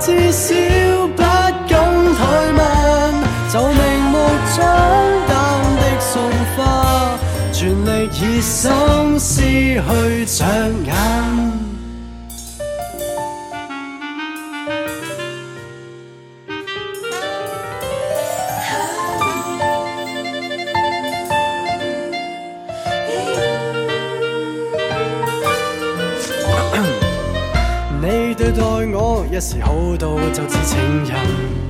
至少不敢怠慢，就明目張膽的送花，全力以心思去着眼。對待我，一時好到就似情人。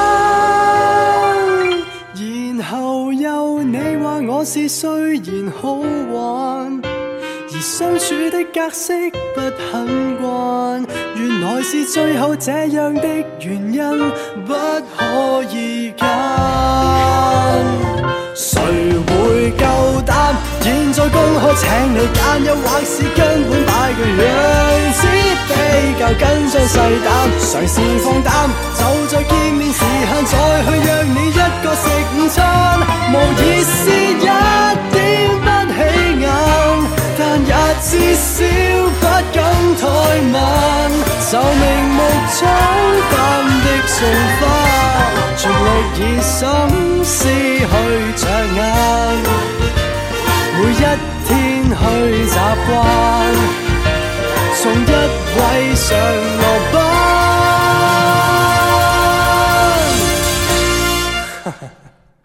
可是雖然好玩，而相處的格式不肯慣。原來是最後這樣的原因，不可以揀。誰會夠膽？現在公開請你揀，但又或是根本擺個樣子比較緊張細膽，嘗試放膽，就在見面時限再去約你一個食午餐，無意思一點不起眼，但也至少不敢怠慢，就明目張膽的送飯，全力以心思去着眼。一天去習慣，送一位上落班。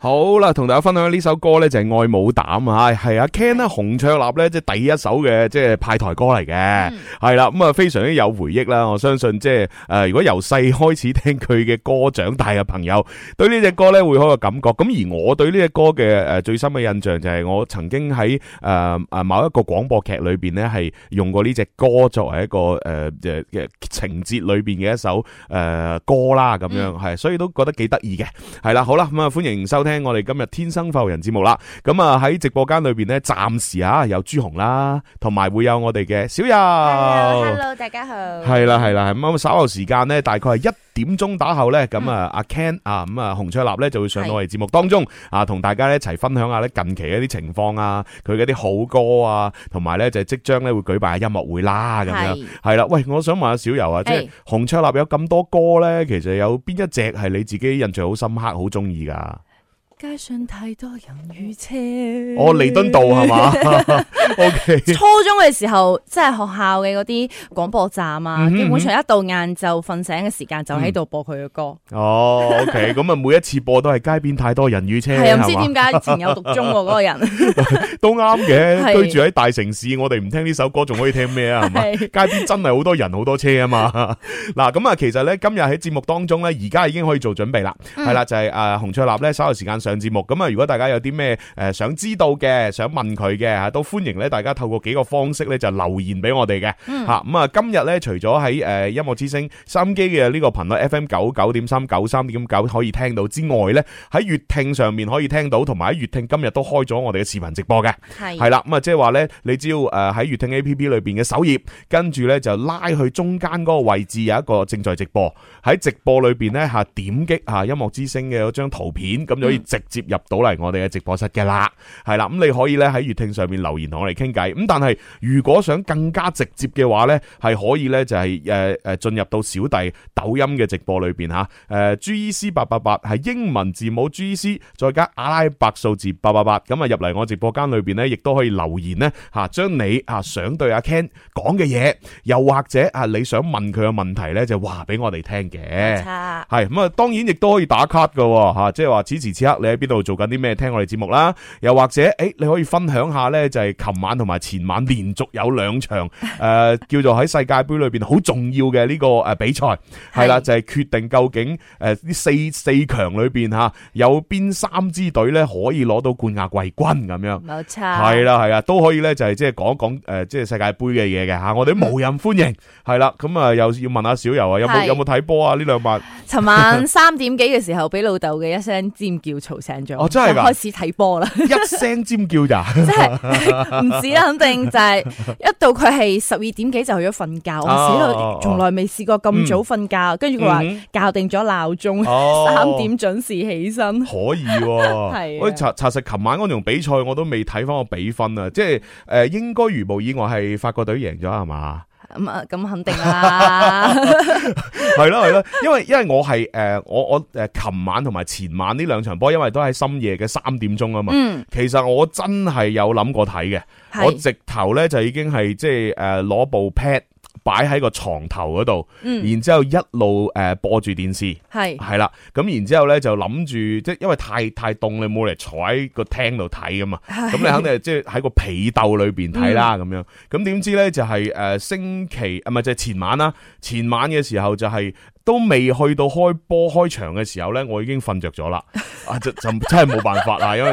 好啦，同大家分享呢首歌咧，就係、是《愛冇膽》啊，係啊 c a n 啦，洪卓立咧，即係第一首嘅即係派台歌嚟嘅，係啦，咁啊、嗯，非常之有回憶啦。我相信即係誒，如果由細開始聽佢嘅歌長大嘅朋友，對呢隻歌咧會好有感覺。咁而我對呢隻歌嘅誒，最深嘅印象就係我曾經喺誒誒某一個廣播劇裏邊咧，係用過呢隻歌作為一個誒嘅嘅情節裏邊嘅一首誒歌啦，咁樣係，所以都覺得幾得意嘅。係啦，好啦，咁啊，歡迎收聽。我哋今日天，天生浮人節目啦，咁啊喺直播間裏邊咧，暫時啊有朱紅啦，同埋會有我哋嘅小游。Hello, Hello，大家好。係啦係啦，咁啊稍後時間咧，大概係一點鐘打後咧，咁、嗯、啊阿 Ken 啊，咁啊洪卓立咧就會上到我哋節目當中是啊，同大家咧一齊分享下咧近期一啲情況啊，佢嗰啲好歌啊，同埋咧就係即將咧會舉辦音樂會啦，咁樣係啦是。喂，我想問下小游啊，的即係洪卓立有咁多歌咧，其實有邊一隻係你自己印象好深刻、好中意噶？街上太多人與車。哦，彌敦道係嘛？O K。初中嘅時候，即係學校嘅嗰啲廣播站啊，基本上一到晏晝瞓醒嘅時間就喺度播佢嘅歌。哦，O K。咁啊，每一次播都係街邊太多人與車。係啊，唔知點解前有獨鐘嗰個人。都啱嘅，居住喺大城市，我哋唔聽呢首歌，仲可以聽咩啊？係嘛街邊真係好多人，好多車啊嘛。嗱，咁啊，其實咧今日喺節目當中咧，而家已經可以做準備啦。係啦，就係啊洪卓立咧稍有時間。上節目咁啊！如果大家有啲咩誒想知道嘅，想問佢嘅吓，都歡迎咧。大家透過幾個方式咧，就留言俾我哋嘅吓。咁啊、嗯，今日咧除咗喺誒音樂之聲收音機嘅呢個頻率 F M 九九點三九三點九可以聽到之外咧，喺月聽上面可以聽到，同埋喺月聽今日都開咗我哋嘅視頻直播嘅係係啦。咁啊是，即係話咧，你只要誒喺月聽 A P P 裏邊嘅首頁，跟住咧就拉去中間嗰個位置有一個正在直播。喺直播裏邊咧吓，點擊吓音樂之聲嘅嗰張圖片，咁就可以直接入到嚟我哋嘅直播室嘅啦，係啦，咁、嗯、你可以咧喺月聽上面留言同我哋傾偈，咁但係如果想更加直接嘅話咧，係可以咧就係誒誒進入到小弟抖音嘅直播裏邊吓，誒 GEC 八八八係英文字母 GEC 再加阿拉伯數字八八八，咁啊入嚟我直播間裏邊咧，亦都可以留言咧吓，將、啊、你啊想對阿 Ken 講嘅嘢，又或者啊你想問佢嘅問題咧，就話俾我哋聽嘅，係咁啊，當然亦都可以打卡噶吓、啊，即係話此時此刻。喺邊度做緊啲咩？聽我哋節目啦，又或者誒、欸，你可以分享下咧，就係、是、琴晚同埋前晚連續有兩場誒、 呃，叫做喺世界杯裏邊好重要嘅呢個誒比賽係 啦，就係、是、決定究竟誒啲、呃、四四強裏邊吓、啊、有邊三支隊咧可以攞到冠亞季軍咁樣，冇錯係啦係啊，都可以咧就係即係講一講誒即係世界杯嘅嘢嘅吓，我哋無任歡迎係 啦，咁啊又要問下小游啊，有冇有冇睇波啊？呢兩晚琴晚三點幾嘅時候，俾老豆嘅一聲尖叫醒咗，哦、真係開始睇波啦，一聲尖叫咋？即係唔止啦，肯定就係、是、一到佢係十二點幾就去咗瞓覺，或者佢從來未試過咁早瞓覺，跟住佢話校定咗鬧鐘，哦、三點準時起身、哦，可以喎、啊。係喂 是的，查查實，琴晚嗰場比賽我都未睇翻個比分啊，即係誒、呃，應該如無意外係法國隊贏咗係嘛？咁啊，咁肯定啦，係咯係咯，因為因為我係誒、呃，我我誒，琴晚，同埋前晚呢兩場波，因為都係深夜嘅三點鐘啊嘛，嗯、其實我真係有諗過睇嘅，的我直頭咧就已經係即係誒，攞、呃、部 pad。擺喺個床頭嗰度，然之後一路誒播住電視，係係啦，咁然之後咧就諗住，即係因為太太凍，你冇嚟坐喺個廳度睇㗎嘛。咁是你肯定係即係喺個被竇裏邊睇啦咁樣。咁點知咧就係、是、誒、呃、星期咪就係前晚啦，前晚嘅時候就係、是。都未去到開波開場嘅時候呢，我已經瞓着咗啦，就就真係冇辦法啦，因為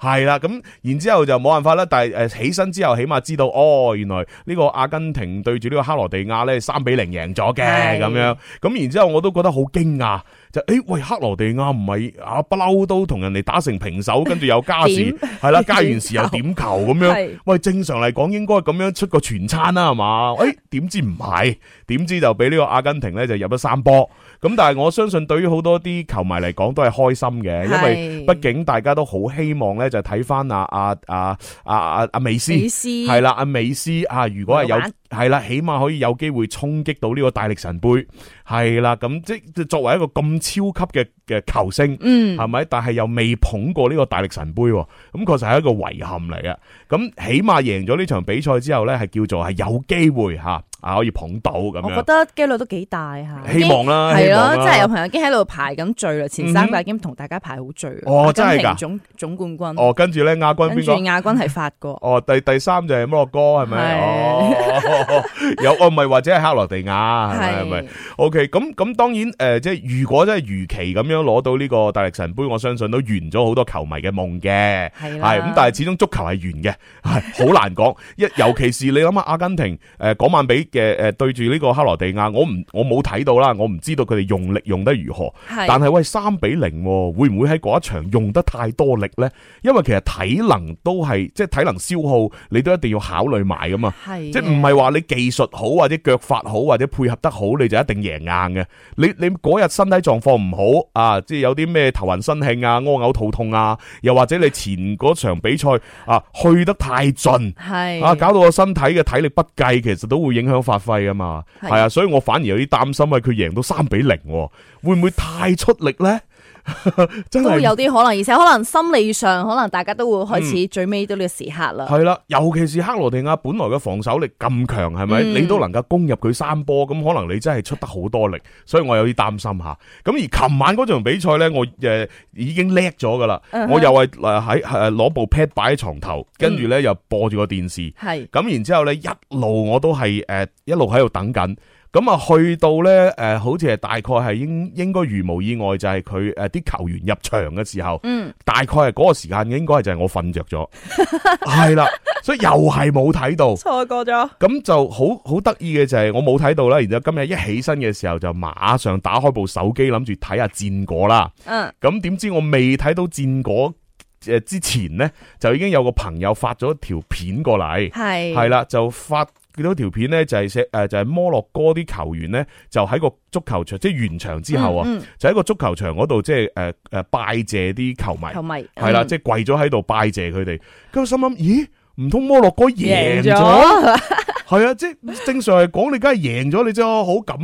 係啦，咁然之後就冇辦法啦，但係誒起身之後起碼知道，哦，原來呢個阿根廷對住呢個克羅地亞呢，三比零贏咗嘅咁樣，咁然之後我都覺得好驚訝。就誒、哎、喂，克羅地亞唔係啊不嬲都同人哋打成平手，跟住有加時，係啦 點加完時又點球咁樣。 是的 喂，正常嚟講應該咁樣出個全餐啦，係嘛？誒、哎，點知唔係？點知就俾呢個阿根廷咧就入咗三波。咁但係我相信對於好多啲球迷嚟講都係開心嘅，因為畢竟大家都好希望咧就睇翻阿阿阿阿阿阿美斯係斯啦，阿美斯啊，如果係有。斯係啦，起碼可以有機會衝擊到呢個大力神杯，係啦，咁即係作為一個咁超級嘅嘅球星，嗯，係咪？但係又未捧過呢個大力神杯，咁確實係一個遺憾嚟嘅。咁起碼贏咗呢場比賽之後咧，係叫做係有機會吓，啊，可以捧到咁樣。我覺得幾率都幾大吓，希望啦，係咯，即係有朋友已經喺度排緊序啦，前三屆已經同大家排好序。哦，真係噶，總總冠軍。哦，跟住咧亞軍邊個？跟住亞軍係法國。哦，第第三就係摩洛哥，係咪？ 有啊，唔係或者係克羅地亞係咪？OK，咁咁當然誒、呃，即係如果真係如期咁樣攞到呢個大力神杯，我相信都圓咗好多球迷嘅夢嘅。係咁的，但係始終足球係圓嘅，係好難講。 一尤其是你諗下阿根廷誒，嗰、呃、晚俾嘅誒，對住呢個克羅地亞，我唔我冇睇到啦，我唔知道佢哋用力用得如何。的但係喂，三比零、啊，會唔會喺嗰一場用得太多力咧？因為其實體能都係即係體能消耗，你都一定要考慮埋噶嘛。即係唔係話。的 你技術好或者腳法好或者配合得好，你就一定贏硬嘅。你你嗰日身體狀況唔好啊，即係有啲咩頭暈身興啊、屙嘔、肚痛啊，又或者你前嗰場比賽啊去得太盡，係是啊，搞到個身體嘅體力不繼，其實都會影響發揮啊嘛。係是啊，所以我反而有啲擔心贏，啊，佢贏到三比零，會唔會太出力呢？ 真是都有啲可能，而且可能心理上，可能大家都會開始最尾到呢個時刻啦、嗯。係啦，尤其是克羅地亞本來嘅防守力咁強，係咪？嗯、你都能夠攻入佢三波，咁可能你真係出得好多力，所以我有啲擔心吓。咁而琴晚嗰場比賽咧，我誒、uh, 已經叻咗噶啦，uh huh. 我又係誒喺誒攞部 pad 擺喺床頭，跟住咧又播住個電視，係咁、uh huh. 然之後咧一路我都係誒、uh, 一路喺度等緊。咁啊，去到咧，誒、呃，好似係大概係應應該如無意外就，就係佢誒啲球員入場嘅時候，嗯，大概係嗰個時間，應該係就係我瞓着咗，係啦，所以又係冇睇到，錯過咗，咁就好好得意嘅就係我冇睇到啦，然之後今日一起身嘅時候就馬上打開部手機，諗住睇下戰果啦，嗯，咁點知我未睇到戰果誒之前咧，就已經有個朋友發咗條片過嚟，係係啦，就發。見到條片咧就係寫誒就係摩洛哥啲球員咧就喺個足球場即係、就是、完場之後啊、嗯嗯、就喺個足球場嗰度即係誒誒拜謝啲球迷球迷，係啦，即係跪咗喺度拜謝佢哋，跟住心諗，咦，唔通摩洛哥贏咗？贏了 係啊，即係正常嚟講，你梗係贏咗你啫，好感，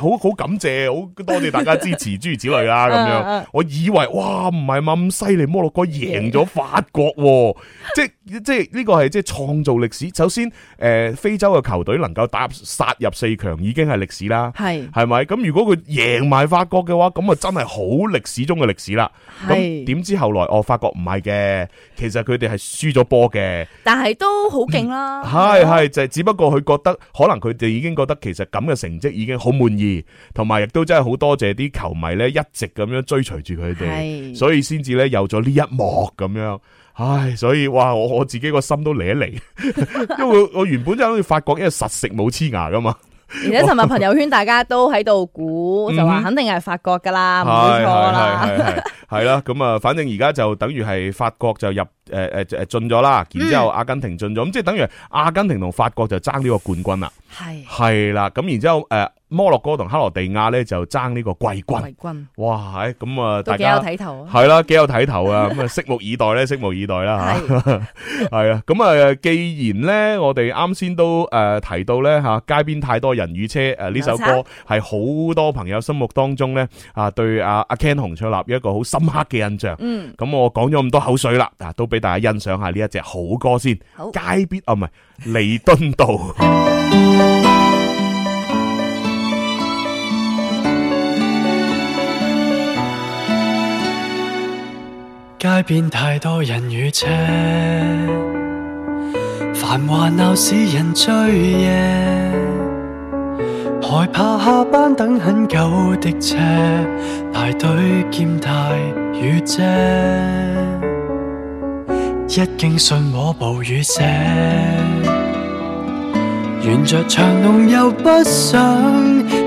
好好感謝，好多謝大家支持諸如此類啦咁樣。我以為哇，唔係嘛咁犀利，摩洛哥贏咗法國，即係即係呢個係即係創造歷史。首先，誒，非洲嘅球隊能夠打殺入四強已經係歷史啦，係係咪？咁如果佢贏埋法國嘅話，咁啊真係好歷史中嘅歷史啦。咁點知後來，我發覺唔係嘅，其實佢哋係輸咗波嘅，但係都好勁啦。係係就係只不過。佢覺得，可能佢哋已經覺得其實咁嘅成績已經好滿意，同埋亦都真係好多謝啲球迷咧一直咁樣追隨住佢哋，的所以先至咧有咗呢一幕咁樣。唉，所以哇，我我自己個心都離一離，因為我原本就好似發覺，因為實食冇黐牙㗎嘛。而且琴日朋友圈大家都喺度估， 就話肯定係法國噶啦，唔錯、嗯、哼啦。係啦，咁啊， 反正而家就等於係法國就入誒誒誒進咗啦，然之後阿根廷進咗，咁、嗯、即係等於阿根廷同法國就爭呢個冠軍啦。係係啦，咁然之後誒。呃摩洛哥同克羅地亞咧就爭呢個季軍，君哇！咁、哎、啊，大家都幾有睇頭啊，係啦，幾有睇頭啊！咁啊， 拭目以待咧，拭目以待啦吓，係啊！咁 啊，既然咧，我哋啱先都誒提到咧吓，街邊太多人與車誒，呢、啊、首歌係好多朋友心目當中咧啊，對阿、啊、阿 Ken 洪卓立一個好深刻嘅印象。嗯，咁我講咗咁多口水啦，啊，都俾大家欣賞下呢一隻好歌先。好街邊啊，唔係彌敦道。啊啊啊 街邊太多人與車，繁華鬧市人醉夜，害怕下班等很久的車，排隊兼帶雨遮。一經信我暴雨瀉，沿着長龍又不想。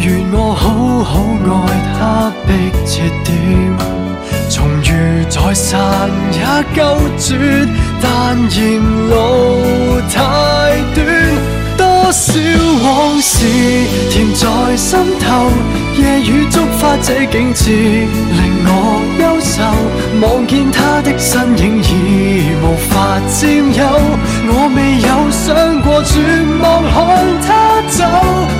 願我好好愛他的缺點，重遇再散也夠絕，但沿路太短，多少往事甜在心頭，夜雨觸發這景致，令我憂愁，望見他的身影已無法占有，我未有想過絕望看他走。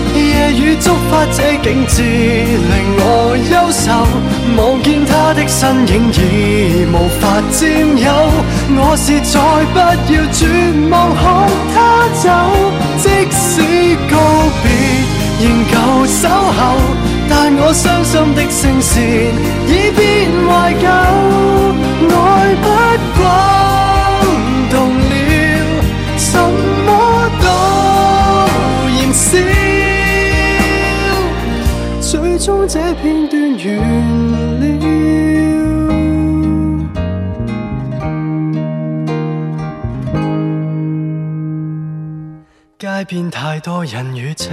雨觸發這景致，令我憂愁。望見他的身影已無法佔有，我是再不要絕望看他走。即使告別，仍舊守候，但我傷心的聲線已變懷舊。這片段完了，街邊太多人與車，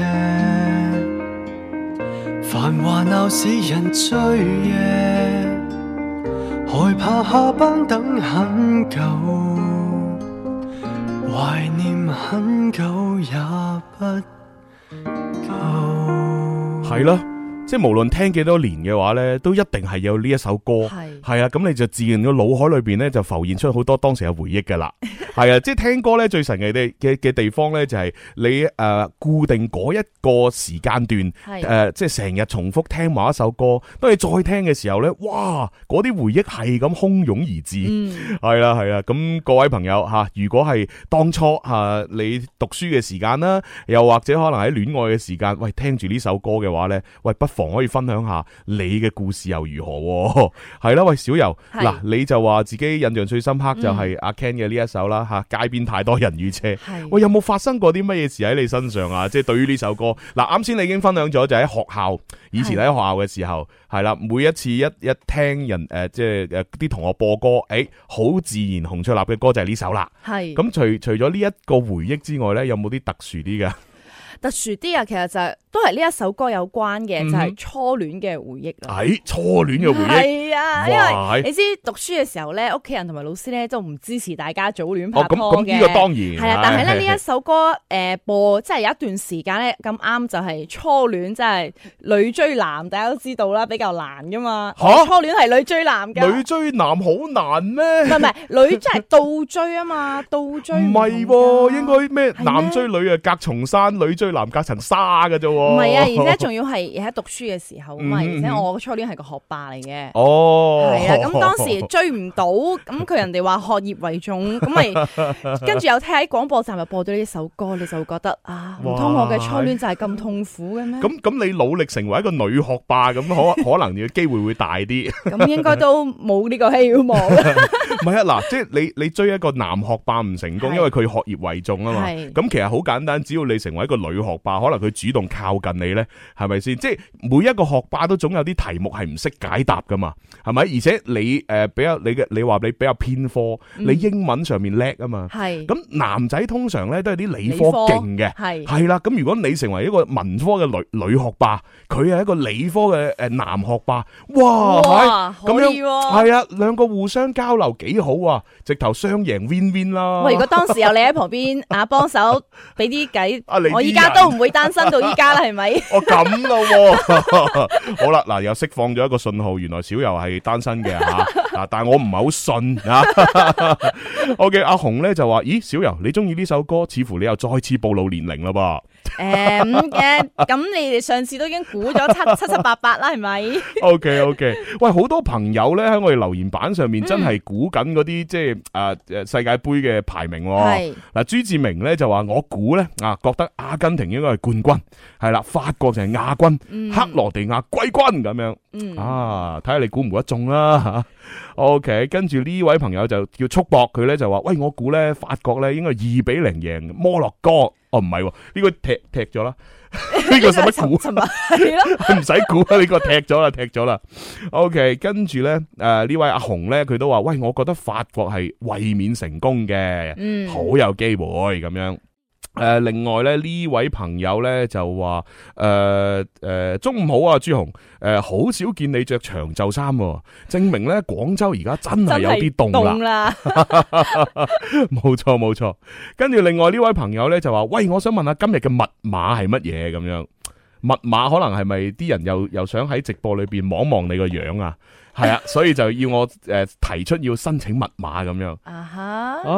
繁華鬧市人醉夜。害怕下班等很久，懷念很久也不夠。係啦。即係無論聽幾多年嘅話咧，都一定係有呢一首歌，係啊的，咁你就自然個腦海裏邊咧就浮現出好多當時嘅回憶噶啦，係啊， 即係聽歌咧最神奇嘅嘅嘅地方咧就係你誒、呃、固定嗰一個時間段，誒的、呃、即係成日重複聽某一首歌，當你再聽嘅時候咧，哇嗰啲回憶係咁洶湧而至，係啦係啊。咁各位朋友吓、啊，如果係當初吓、啊、你讀書嘅時間啦，又或者可能喺戀愛嘅時間，喂聽住呢首歌嘅話咧，喂不。喂喂喂喂喂不妨可以分享下你嘅故事，又如何，啊？係 啦、啊，喂，小游，嗱，是，你就話自己印象最深刻就係阿、嗯啊、Ken 嘅呢一首啦，吓，街邊太多人與車。喂是，有冇發生過啲乜嘢事喺你身上啊？ 即係對於呢首歌，嗱，啱先你已經分享咗，就喺、是、學校，以前喺學校嘅時候，係啦是，每一次一一聽人誒、呃，即係誒，啲同學播歌，誒、欸，好自然，洪卓立嘅歌就係呢首啦。係咁是， 除除咗呢一個回憶之外呢，有冇啲特殊啲嘅？ 特殊啲啊，其實就係都係呢一首歌有關嘅，就係初戀嘅回憶咯。哎？初戀嘅回憶係啊，因為你知讀書嘅時候咧，屋企人同埋老師咧都唔支持大家早戀拍拖嘅。咁呢個當然係啊，但係咧呢一首歌誒播，即係有一段時間咧咁啱就係初戀，即係女追男，大家都知道啦，比較難噶嘛。吓，初戀係女追男嘅。女追男好難咩？唔係唔係，女追係倒追啊嘛，倒追唔係，應該咩男追女啊，隔重山，女追。男南隔層沙嘅啫喎，唔係啊，而且仲要係喺讀書嘅時候，咁啊，而且我初戀係個學霸嚟嘅，哦，係啊，咁當時追唔到，咁佢人哋話學業為重，咁咪跟住又聽喺廣播站又播到呢首歌，你就覺得啊，唔通我嘅初戀就係咁痛苦嘅咩？咁咁你努力成為一個女學霸咁可可能嘅機會會大啲？咁應該都冇呢個希望。唔係啊，嗱，即係你你追一個男學霸唔成功，因為佢學業為重啊嘛。咁其實好簡單，只要你成為一個女。學霸，可能佢主動靠近你咧，係咪先？即係每一個學霸都總有啲題目係唔識解答噶嘛，係咪？而且你誒比較你嘅，你話你比較偏科，你英文上面叻啊嘛，係。咁男仔通常咧都係啲理科勁嘅，係係啦。咁如果你成為一個文科嘅女女學霸，佢係一個理科嘅誒男學霸，哇，咁樣，係啊，兩個互相交流幾好啊，直頭雙贏 win win 啦。喂，如果當時有你喺旁邊啊，幫手俾啲計，我依家，都唔會單身到依家啦，係咪？ 哦咁咯，好啦，嗱又釋放咗一個信號，原來小游係單身嘅吓，嗱， 但係我唔係好信啊。OK，阿洪咧就話：咦，小游你中意呢首歌，似乎你又再次暴露年齡啦噃。誒，嘅，咁你哋上次都已經估咗七七七八八啦，係咪？OK，OK，喂，好多朋友咧喺我哋留言板上面真係估緊嗰啲即係誒誒世界杯嘅排名。係嗱是、啊，朱志明咧就話我估咧啊，覺得阿根廷應該係冠軍，係啦，法國就係亞軍，克羅、嗯、地亞季軍咁樣。嗯、啊，啊，睇下你估唔估得中啦吓？OK，跟住呢位朋友就叫速博，佢咧就話：，喂，我估咧法國咧應該二比零贏摩洛哥。哦、啊，唔係，呢、這個踢踢咗啦，呢 個使乜估？唔使估啦，呢、 啊這個踢咗啦，踢咗啦、啊。OK，跟住咧，誒、啊，呢位阿雄咧，佢都話：，喂，我覺得法國係衛冕成功嘅，好、嗯、有機會咁樣。誒、呃，另外咧呢位朋友咧就話，誒、呃、誒、呃，中午好啊，朱紅，誒、呃，好少見你着長袖衫、啊，證明咧廣州而家真係有啲凍啦。冇錯冇錯，跟住另外呢位朋友咧就話，喂，我想問下今日嘅密碼係乜嘢咁樣？密碼可能係咪啲人又又想喺直播裏邊望望你個樣啊？係 啊，所以就要我誒、呃、提出要申請密碼咁樣。啊吓、uh？哦、huh.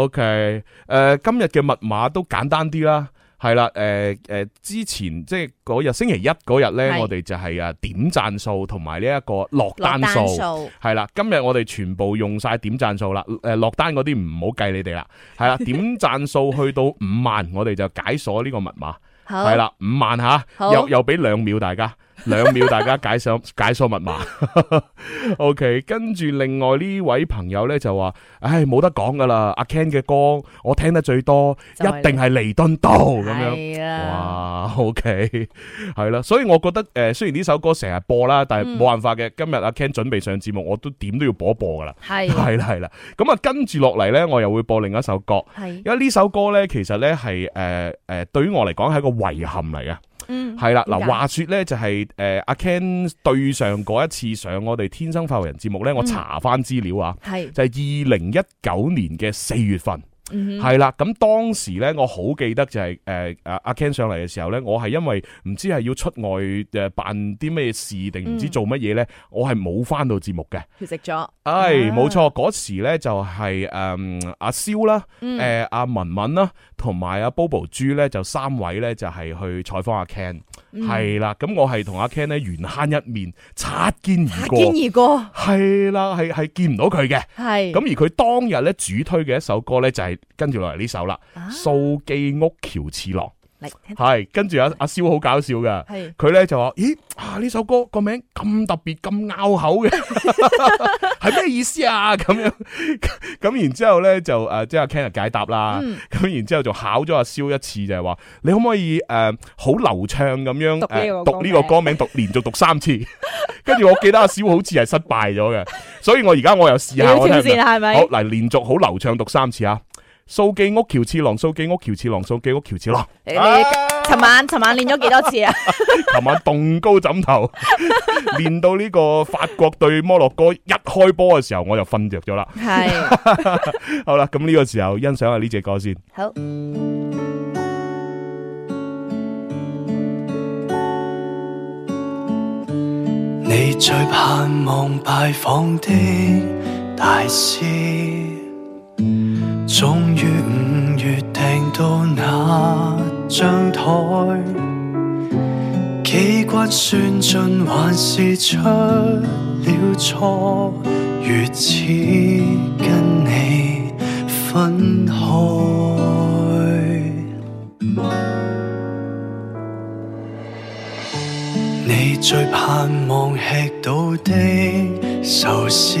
oh,，OK、呃。誒，今日嘅密碼都簡單啲啦。係啦、啊，誒、呃、誒，之前即係嗰日星期一嗰日咧，是我哋就係啊點讚數同埋呢一個落單數、啊。落單數。係啦，今日我哋全部用晒點讚數啦。誒，落單嗰啲唔好計你哋啦。係啦，點讚數去到五萬， 我哋就解鎖呢個密碼。好。係啦、啊，五萬吓好。又又俾兩秒大家。兩秒，大家解鎖解鎖密碼。OK，跟住另外呢位朋友咧就話，唉，冇得講噶啦，阿 Ken 嘅歌我聽得最多，一定係《彌敦道》咁樣。係啊，哇，OK，係啦，所以我覺得，誒，雖然呢首歌成日播啦，但係冇辦法嘅。今日阿 Ken 準備上節目，我都點都要播一播噶啦。係，係啦，係啦。咁啊，跟住落嚟咧，我又會播另一首歌。係，因為呢首歌咧，其實咧係誒誒，對於我嚟講係一個遺憾嚟嘅。嗯，係啦了，嗱，話說咧就係、是、誒，阿、uh, Ken 對上嗰一次上我哋天生發福人節目咧，嗯、我查翻資料啊，係是就係二零一九年嘅四月份。係啦，咁、嗯、當時咧，我好記得就係誒阿 Ken 上嚟嘅時候咧，我係因為唔知係要出外誒辦啲咩事定唔知做乜嘢咧，嗯、我係冇返到節目嘅食咗。係冇錯，嗰時咧就係誒阿蕭啦，誒、啊、阿文文啦，同埋阿 Bobo 豬咧，就三位咧就係去採訪阿、啊、Ken。係啦，咁、嗯、我係同阿 Ken 咧緣慳一面，擦肩而過。擦肩而過，係啦，係係見唔到佢嘅。係的，咁而佢當日咧主推嘅一首歌咧就係跟住落嚟呢首啦、啊，《數記屋橋次郎》。係，跟住阿阿蕭好搞笑噶，佢咧就話：咦啊，呢首歌個名咁特別咁拗口嘅，係咩意思啊？咁樣咁然之後咧就誒，即係 Ken 嚟解答啦。咁然之後仲考咗阿蕭一次，就係話你可唔可以誒，好流暢咁樣讀呢個歌名，讀連續讀三次。跟住我記得阿蕭好似係失敗咗嘅，所以我而家我又試下，咪？好嚟，連續好流暢讀三次啊！數寄屋橋次郎，數寄屋橋次郎，數寄屋橋次郎。次郎你琴晚琴、啊、晚練咗幾多次啊？琴晚凍高枕頭，練 到呢個法國對摩洛哥一開波嘅時候，我就瞓着咗啦。係是， 好啦，咁呢個時候欣賞下呢隻歌先。好。你最盼望拜訪的大師。終於五月訂到那張枱，機關算盡還是出了錯，如此跟你分開。你最盼望吃到的壽司。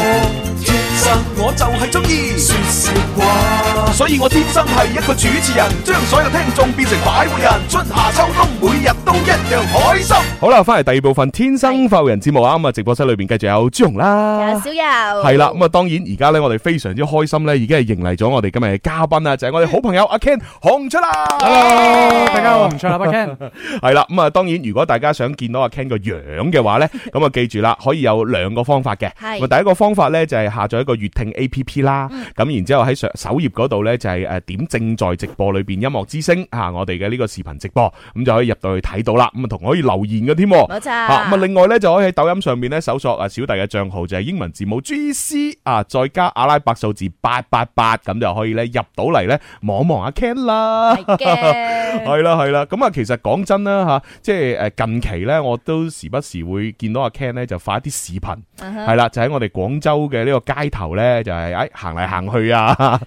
我就係中意說笑話，所以我天生係一個主持人，將所有聽眾變成發佈人。春夏秋冬，每日都一樣開心。好啦，翻嚟第二部分天生發佈會節目啊！咁啊，直播室裏邊繼續有朱紅啦，有小柔，係啦。咁啊，當然而家呢，我哋非常之開心呢已經係迎嚟咗我哋今日嘅嘉賓啦，就係我哋好朋友阿 Ken 紅出啦。Hello，大家好，唔錯啦，阿 Ken。係啦，咁啊，當然如果大家想見到阿 Ken 個樣嘅話呢，咁啊記住啦，可以有兩個方法嘅。係，第一個方法呢，就係下載一個。粵聽 A P P 啦，咁、嗯、然之後喺上首頁嗰度咧就係誒點正在直播裏邊音樂之聲啊，我哋嘅呢個視頻直播，咁、嗯、就可以入到去睇到啦，咁啊同可以留言嘅添，冇錯，咁啊另外咧就可以喺抖音上面咧搜索啊小弟嘅賬號就係、是、英文字母 G C 啊，再加阿拉伯數字八八八，咁就可以咧入到嚟咧望望阿 Ken 啦，係啦係啦，咁啊、 嗯、其實講真啦吓，即係誒近期咧我都時不時會見到阿 Ken 咧就發一啲視頻，係啦，就喺、嗯、我哋廣州嘅呢個街頭。咧就係誒行嚟行去啊，啊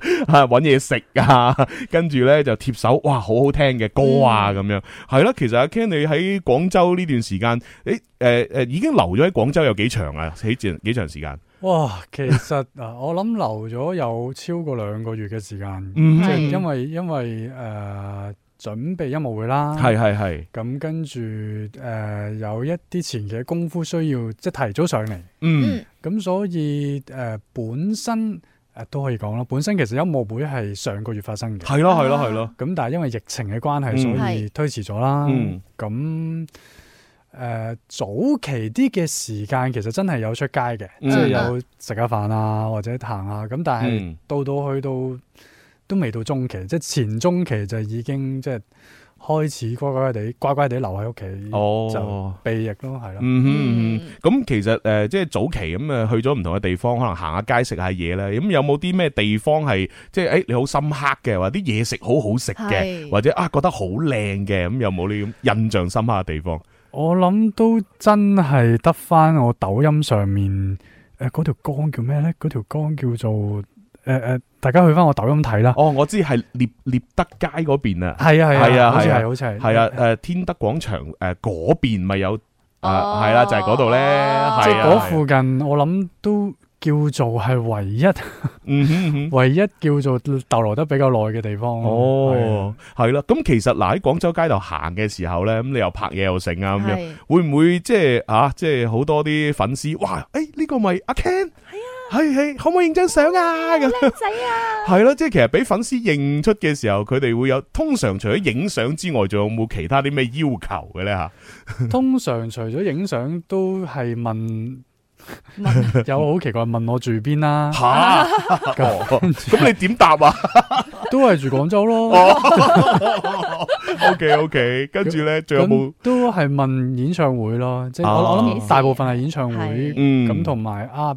揾嘢食啊，跟住咧就貼手，哇好好聽嘅歌啊咁樣，係咯、嗯。其實阿 Ken 你喺廣州呢段時間，誒誒誒，已經留咗喺廣州有幾長啊？幾長幾長時間？哇，其實啊，我諗留咗有超過兩個月嘅時間，嗯、哼即係因為因為誒。呃準備音樂會啦，係係係，咁跟住誒、呃、有一啲前期功夫需要，即係提早上嚟，嗯，咁所以誒、呃、本身誒、呃、都可以講咯，本身其實音樂會係上個月發生嘅，係咯係咯係咯，咁、啊、但係因為疫情嘅關係，嗯、所以推遲咗啦，咁誒是、嗯呃、早期啲嘅時間其實真係有出街嘅，嗯、哼即係有食下飯啊或者行啊，咁但係到到去到。都未到中期，即係前中期就已經即係開始乖乖哋，乖乖哋留喺屋企，oh. 就避疫咯，係咯。咁、mm hmm. 嗯、其實誒、呃，即係早期咁啊，去咗唔同嘅地方，可能行下街食下嘢啦。咁有冇啲咩地方係即係誒、欸，你好深刻嘅，或啲嘢食好好食嘅，或者，是或者啊覺得好靚嘅，咁有冇呢啲印象深刻嘅地方？我諗都真係得翻我抖音上面誒嗰條江叫咩咧？嗰條江叫做。誒誒，大家去翻我抖音睇啦。哦，我知係獵獵德街嗰邊啊。係啊係啊，好似係好似係。係啊，誒天德廣場誒嗰邊咪有啊，係啦，就係嗰度咧。即係嗰附近，我諗都叫做係唯一，唯一叫做逗留得比較耐嘅地方。哦，係啦。咁其實嗱喺廣州街度行嘅時候咧，咁你又拍嘢，又成啊，咁樣會唔會即係啊？即係好多啲粉絲哇！誒，呢個咪阿 Ken。係係，可唔可以影張相啊？咁靚仔啊！係咯，即係其實俾粉絲認出嘅時候，佢哋會有通常除咗影相之外，仲有冇其他啲咩要求嘅咧？吓？通常除咗影相都係問，問有好奇怪問我住邊啦。吓，咁你點答啊？哦、答都係住廣州咯、哦。O K O K，跟住咧，仲有冇都係問演唱會咯。即係我、啊、我諗大部分係演唱會。嗯，咁同埋啊。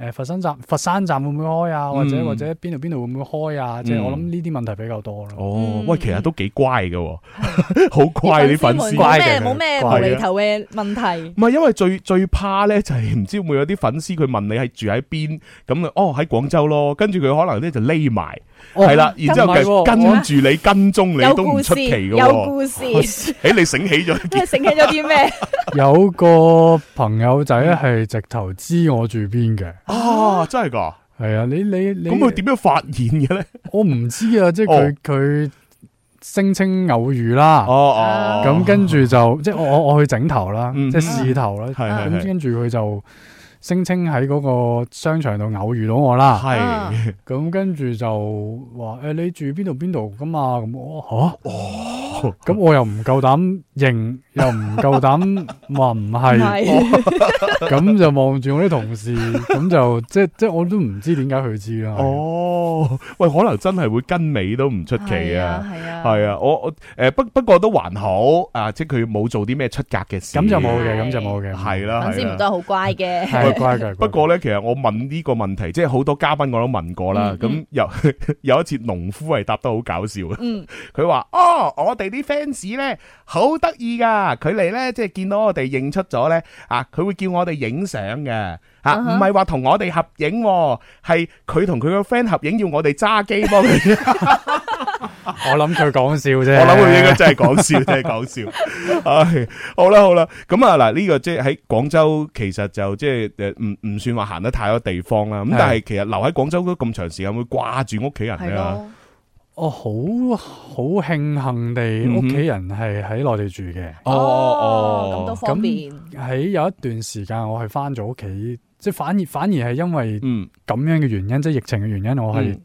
誒佛山站，佛山站會唔會開啊？或者或者邊度邊度會唔會開啊？即係我諗呢啲問題比較多咯。哦，喂，其實都幾乖㗎，好乖你粉絲，冇咩冇咩無厘頭嘅問題。唔係，因為最最怕咧，就係唔知會有啲粉絲佢問你係住喺邊，咁啊哦喺廣州咯，跟住佢可能咧就匿埋，係啦，然之後就跟住你跟蹤你都唔出奇嘅。有故事，有故事。誒，你醒起咗？醒起咗啲咩？有個朋友仔係直頭知我住邊嘅。啊！真係噶，係啊，你你你咁佢點樣發現嘅咧？我唔知啊，即係佢佢聲稱偶遇啦，哦哦、oh. oh.，咁跟住就即係我我我去整頭啦，即係、mm hmm. 試頭啦，係係、啊，咁跟住佢就聲稱喺嗰個商場度偶遇到我啦，係是，咁跟住就話誒，你住邊度邊度噶嘛？咁我吓、啊、哦。咁我又唔夠膽認，又唔夠膽話唔係，咁就望住我啲同事，咁就即即我都唔知點解佢知啦。哦，喂，可能真係會跟尾都唔出奇啊，係啊，係啊，我我誒不不過都還好啊，即佢冇做啲咩出格嘅事。咁就冇嘅，咁就冇嘅，係啦，總之都好乖嘅。乖嘅，不過咧，其實我問呢個問題，即好多嘉賓我都問過啦。咁有有一次農夫係答得好搞笑嘅，佢話哦，我哋。啲 fans 咧好得意噶，佢嚟咧，即係見到我哋認出咗咧啊，佢會叫我哋影相嘅啊，唔係話同我哋合、啊、合影，係佢同佢個 friend 合影，要我哋揸機幫佢。我諗佢講笑啫，我諗佢應該真係講笑，真係講笑，笑。 唉，好啦好啦，咁啊嗱，呢個即係喺廣州，其實就即係誒，唔唔算話行得太多地方啦。咁對 但係其實留喺廣州都咁長時間，會掛住屋企人啦。我好好慶幸地，屋企、嗯、哼人係喺內地住嘅、哦。哦，咁都方便。喺有一段時間，我係翻咗屋企，即係反而反而係因為咁樣嘅原因，嗯、即係疫情嘅原因，我係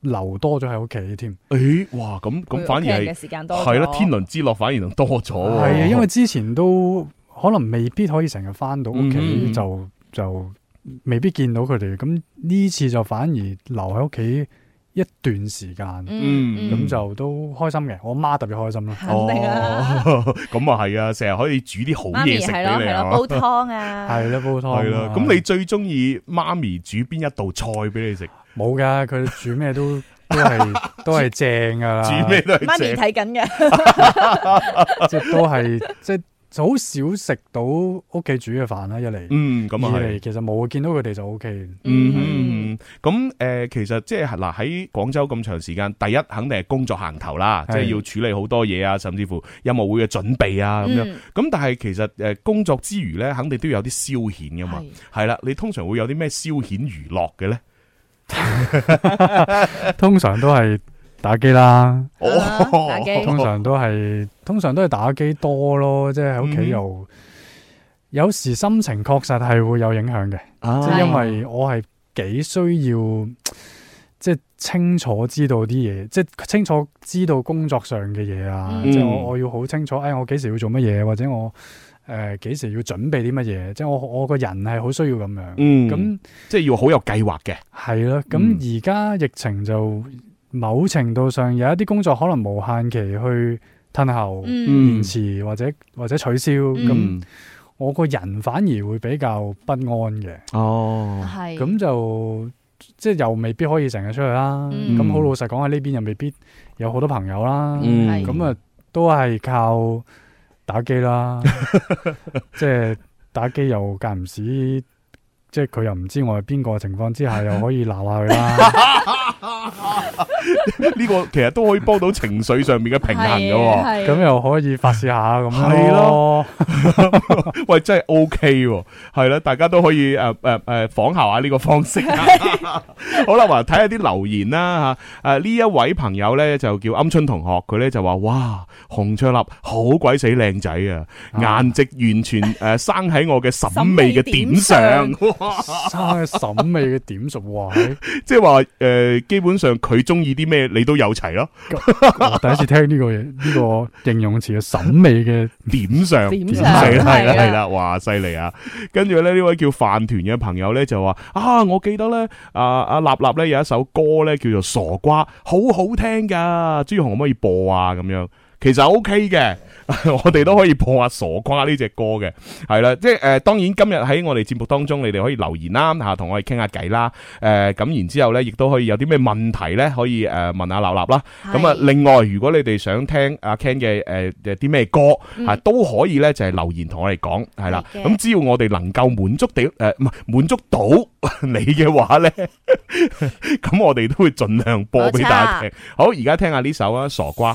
留多咗喺屋企添。哎、嗯，哇、欸！咁咁反而係，係咯，天倫之樂反而多咗。係啊，因為之前都可能未必可以成日翻到屋企，就就未必見到佢哋。咁呢次就反而留喺屋企一段時間，咁、嗯嗯、就都開心嘅。我媽特別開心啦。肯定啊，哦，咁啊係啊，成日可以煮啲好嘢食俾你。媽咪係咯，係咯，煲湯啊，係啦， 煲湯、啊。係啦。咁你最中意媽咪煮邊一道菜俾你食？冇噶， 佢煮咩都都係都係正噶啦。 煮咩都係正。媽咪睇緊嘅，即 都係即。即係即係即係就好少食到屋企煮嘅飯啦一嚟，嗯咁啊係，其實冇見到佢哋就 O K。嗯，咁誒、嗯呃、其實即係嗱喺廣州咁長時間，第一肯定係工作行頭啦，是即係要處理好多嘢啊，甚至乎音樂會嘅準備啊咁、嗯、樣。咁但係其實誒工作之餘咧，肯定都有啲消遣噶嘛。係啦是，你通常會有啲咩消遣娛樂嘅咧？ 通常都係。打機啦，打機通常都係通常都係打機多咯，即係喺屋企又有時心情確實係會有影響嘅，啊、即係因為我係幾需要即係清楚知道啲嘢，即係清楚知道工作上嘅嘢啊，嗯、即係我我要好清楚，哎，我幾時要做乜嘢，或者我誒幾時要準備啲乜嘢，即係我我個人係好需要咁樣，咁、嗯、那即係要好有計劃嘅。係咯，咁而家疫情就。某程度上，有一啲工作可能無限期去褪後延遲，或者或者取消。咁我個人反而會比較不安嘅。哦，係。咁就即係又未必可以成日出去啦。咁好老實講喺呢邊又未必有好多朋友啦。咁啊，都係靠打機啦。即係打機又間唔時，即係佢又唔知我係邊個情況之下，又可以鬧下佢啦。呢 個其實都可以幫到情緒上面嘅平衡噶、哦，咁又可以發泄下咁咯。的 喂，真係 OK 喎，係啦，大家都可以誒誒誒仿效下呢個方式。的 好啦，話睇下啲留言啦吓。誒、啊，呢一位朋友咧就叫鵪鶉同學，佢咧就話：哇，洪卓立好鬼死靚仔啊！顏、啊、值完全誒生喺我嘅審美嘅點上，生喺審美嘅點上。哇，即係話誒。呃基本上佢中意啲咩，你都有齊咯。 第一次聽呢個嘢，呢、這個形容詞嘅審美嘅 點上，係啦係啦，哇，犀利啊！跟住咧，呢位叫飯團嘅朋友咧就話：啊，我記得咧，阿、啊、阿立立咧有一首歌咧叫做《傻瓜》，好好聽噶，朱紅可唔可以播啊？咁樣。其實 O K 嘅， 我哋都可以播下傻瓜呢隻歌嘅，係啦，即係誒、呃，當然今日喺我哋節目當中，你哋可以留言啦，吓、啊、同我哋傾下偈啦，誒、呃，咁然之後咧，亦都可以有啲咩問題咧，可以誒、呃、問，問下立立啦。咁啊的，另外如果你哋想聽阿 Ken 嘅誒啲咩歌吓、啊，都可以咧就係、是、留言同我哋講，係啦，咁的只要我哋能夠滿足到誒，唔係滿足到你嘅話咧，咁、 嗯、我哋都會盡量播俾大家聽。好，而家聽下呢首啊，傻瓜。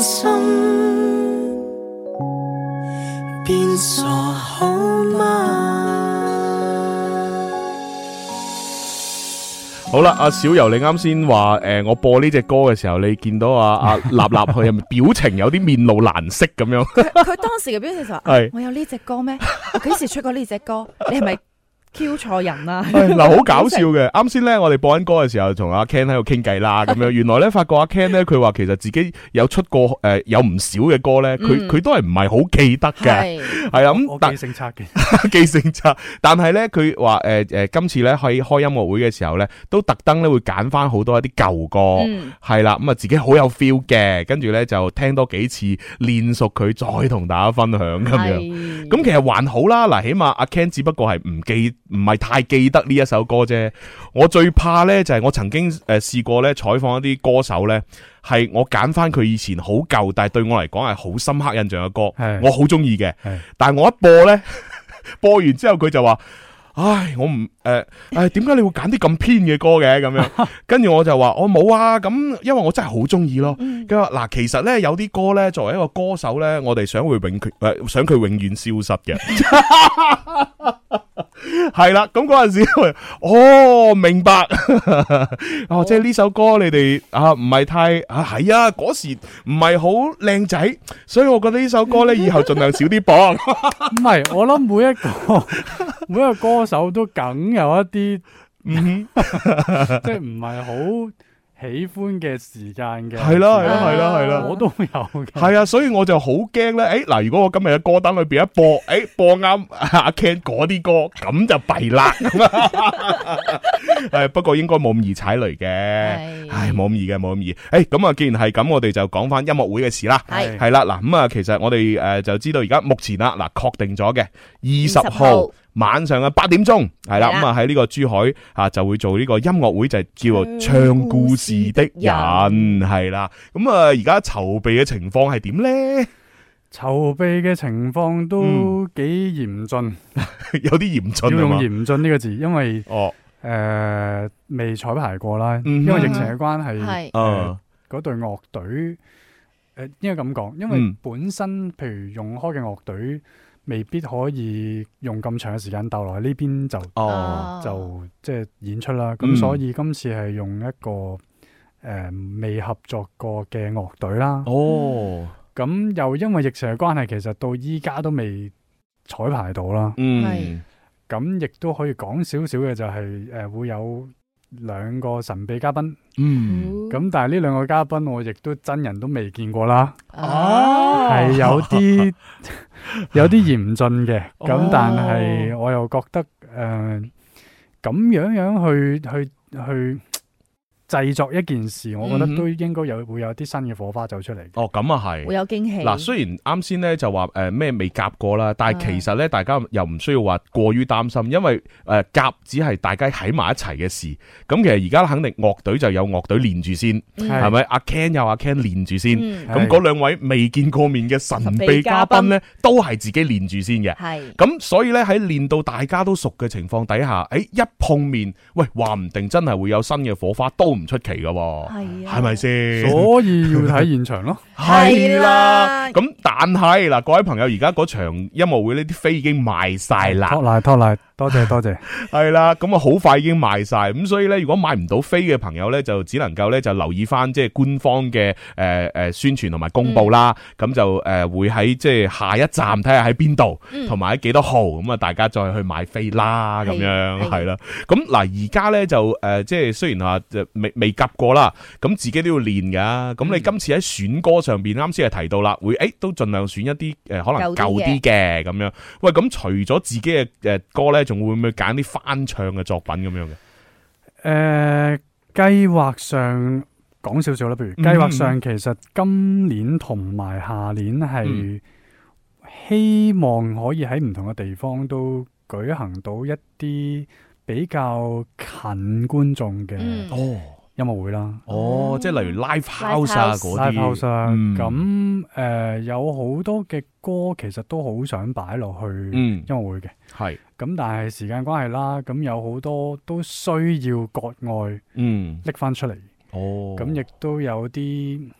變心變傻好嗎？好啦，阿小柔，你啱先話誒，我播呢隻歌嘅時候，你見到啊阿、啊、立立佢係咪表情有啲面露難色咁樣？佢 當時嘅表情就話係是、啊、我有呢隻歌咩？我幾時出過呢隻歌？你係咪？Q 錯人啦！嗱，好搞笑嘅。啱先咧，我哋播緊歌嘅時候，同阿 Ken 喺度傾偈啦，咁樣。原來咧，發覺阿 Ken 咧，佢話其實自己有出過誒，有唔少嘅歌咧，佢佢都係唔係好記得嘅，係啦。咁記性差嘅，記性差。但係咧，佢話誒誒，今次咧可以開音樂會嘅時候咧，都特登咧會揀翻好多一啲舊歌，係啦。咁啊，自己好有 feel 嘅，跟住咧就聽多幾次，練熟佢再同大家分享咁樣。咁其實還好啦。嗱，起碼阿 Ken 只不過係唔記。唔係太記得呢一首歌啫，我最怕呢就係、是、我曾經誒試、呃、過呢採訪一啲歌手呢，係我揀翻佢以前好舊，但係對我嚟講係好深刻印象嘅歌，是的 我好中意嘅。是的 但係我一播呢，呵呵播完之後佢就話：唉，我唔誒、呃，唉，點解你會揀啲咁偏嘅歌嘅？咁樣，跟住我就話：我、哦、冇啊，咁因為我真係好中意咯。佢話嗱，其實呢，有啲歌呢，作為一個歌手呢，我哋想會永唔、呃、想佢永遠消失嘅。 係啦，咁嗰陣時，哦，明白， 哦，哦即係呢首歌你，你哋啊，唔係太啊，係啊，嗰時唔係好靚仔，所以我覺得呢首歌咧，以後盡量少啲播。唔 係，我諗每一個每一個歌手都梗有一啲，嗯， 即係唔係好。喜歡嘅時間嘅係啦係啦係啦係啦，啊、我都有嘅係啊，所以我就好驚咧。誒，嗱，如果我今日嘅歌單裏邊一播，誒、 哎，播啱阿 Ken 嗰啲歌，咁就弊啦。誒，不過應該冇咁易踩雷嘅，唉冇咁易嘅，冇咁易。誒、哎，咁啊，既然係咁，我哋就講翻音樂會嘅事啦。係係啦，嗱，咁啊，其實我哋誒就知道而家目前啦，嗱，確定咗嘅二十號。二十號晚上嘅八點鐘係啦，咁啊喺呢個珠海啊就會做呢個音樂會，就係、是、叫做唱故事的人係啦。咁啊，而家籌備嘅情況係點呢？籌備嘅情況都幾嚴峻，嗯、 有啲嚴峻，要用嚴峻呢個字，因為哦，誒未彩排過啦，因為疫情嘅關係，係誒嗰隊樂隊誒應該咁講，因為本身譬如用開嘅樂隊。未必可以用咁長嘅時間逗落嚟，呢邊就、哦、就即係、就是、演出啦。咁、嗯、所以今次係用一個誒、呃、未合作過嘅樂隊啦。哦，咁又因為疫情嘅關係，其實到依家都未彩排到啦。嗯，咁亦都可以講少少嘅就係、是、誒、呃、會有。兩個神秘嘉賓，嗯，咁但係呢兩個嘉賓我亦都真人都未見過啦，係、啊、有啲 有啲嚴峻嘅，咁、哦、但係我又覺得誒咁樣樣去去去去。製作一件事，我覺得都應該有會有啲新嘅火花走出嚟。哦，咁啊係會有驚喜。嗱，雖然啱先咧就話誒咩未夾過啦，但係其實咧大家又唔需要話過於擔心，因為誒夾、呃、只係大家喺埋一齊嘅事。咁其實而家肯定樂隊就有樂隊練住先，係咪、嗯？阿 Ken 又阿 Ken 練住先。咁嗰兩位未見過面嘅神秘嘉賓咧，都係自己練住先嘅。係咁是所以咧喺練到大家都熟嘅情況底下，誒一碰面，喂話唔定真係會有新嘅火花都。唔出奇噶，係咪先？吧所以要睇現場咯，係啦、 啊。咁、啊、但係嗱，各位朋友，而家嗰場音樂會呢啲飛已經賣晒啦，托賴托賴，多謝多謝，係啦。咁啊，好快已經賣晒，咁所以咧，如果買唔到飛嘅朋友咧，就只能夠咧就留意翻即係官方嘅誒誒宣傳同埋公布啦。咁、嗯、就誒會喺即係下一站睇下喺邊度，同埋喺幾多號，咁啊大家再去買飛啦，咁樣係啦。咁嗱，而家咧就誒即係雖然話就未。未及過啦，咁自己都要練噶。咁你今次喺選歌上邊，啱先係提到啦，會誒都盡量選一啲誒可能舊啲嘅咁樣。喂，咁除咗自己嘅誒歌呢，仲會唔會揀啲翻唱嘅作品咁樣嘅？誒，計劃上講少少啦，譬如計劃上，其實今年同埋下年係希望可以喺唔同嘅地方都舉行到一啲比較近觀眾嘅哦。音樂會啦，哦，嗯、即係例如 live house 啊 live house 咁、啊、誒、嗯呃，有好多嘅歌其實都好想擺落去音樂、嗯、會嘅，係咁是但係時間關係啦，咁有好多都需要國外嗯拎翻出嚟哦，咁亦都有啲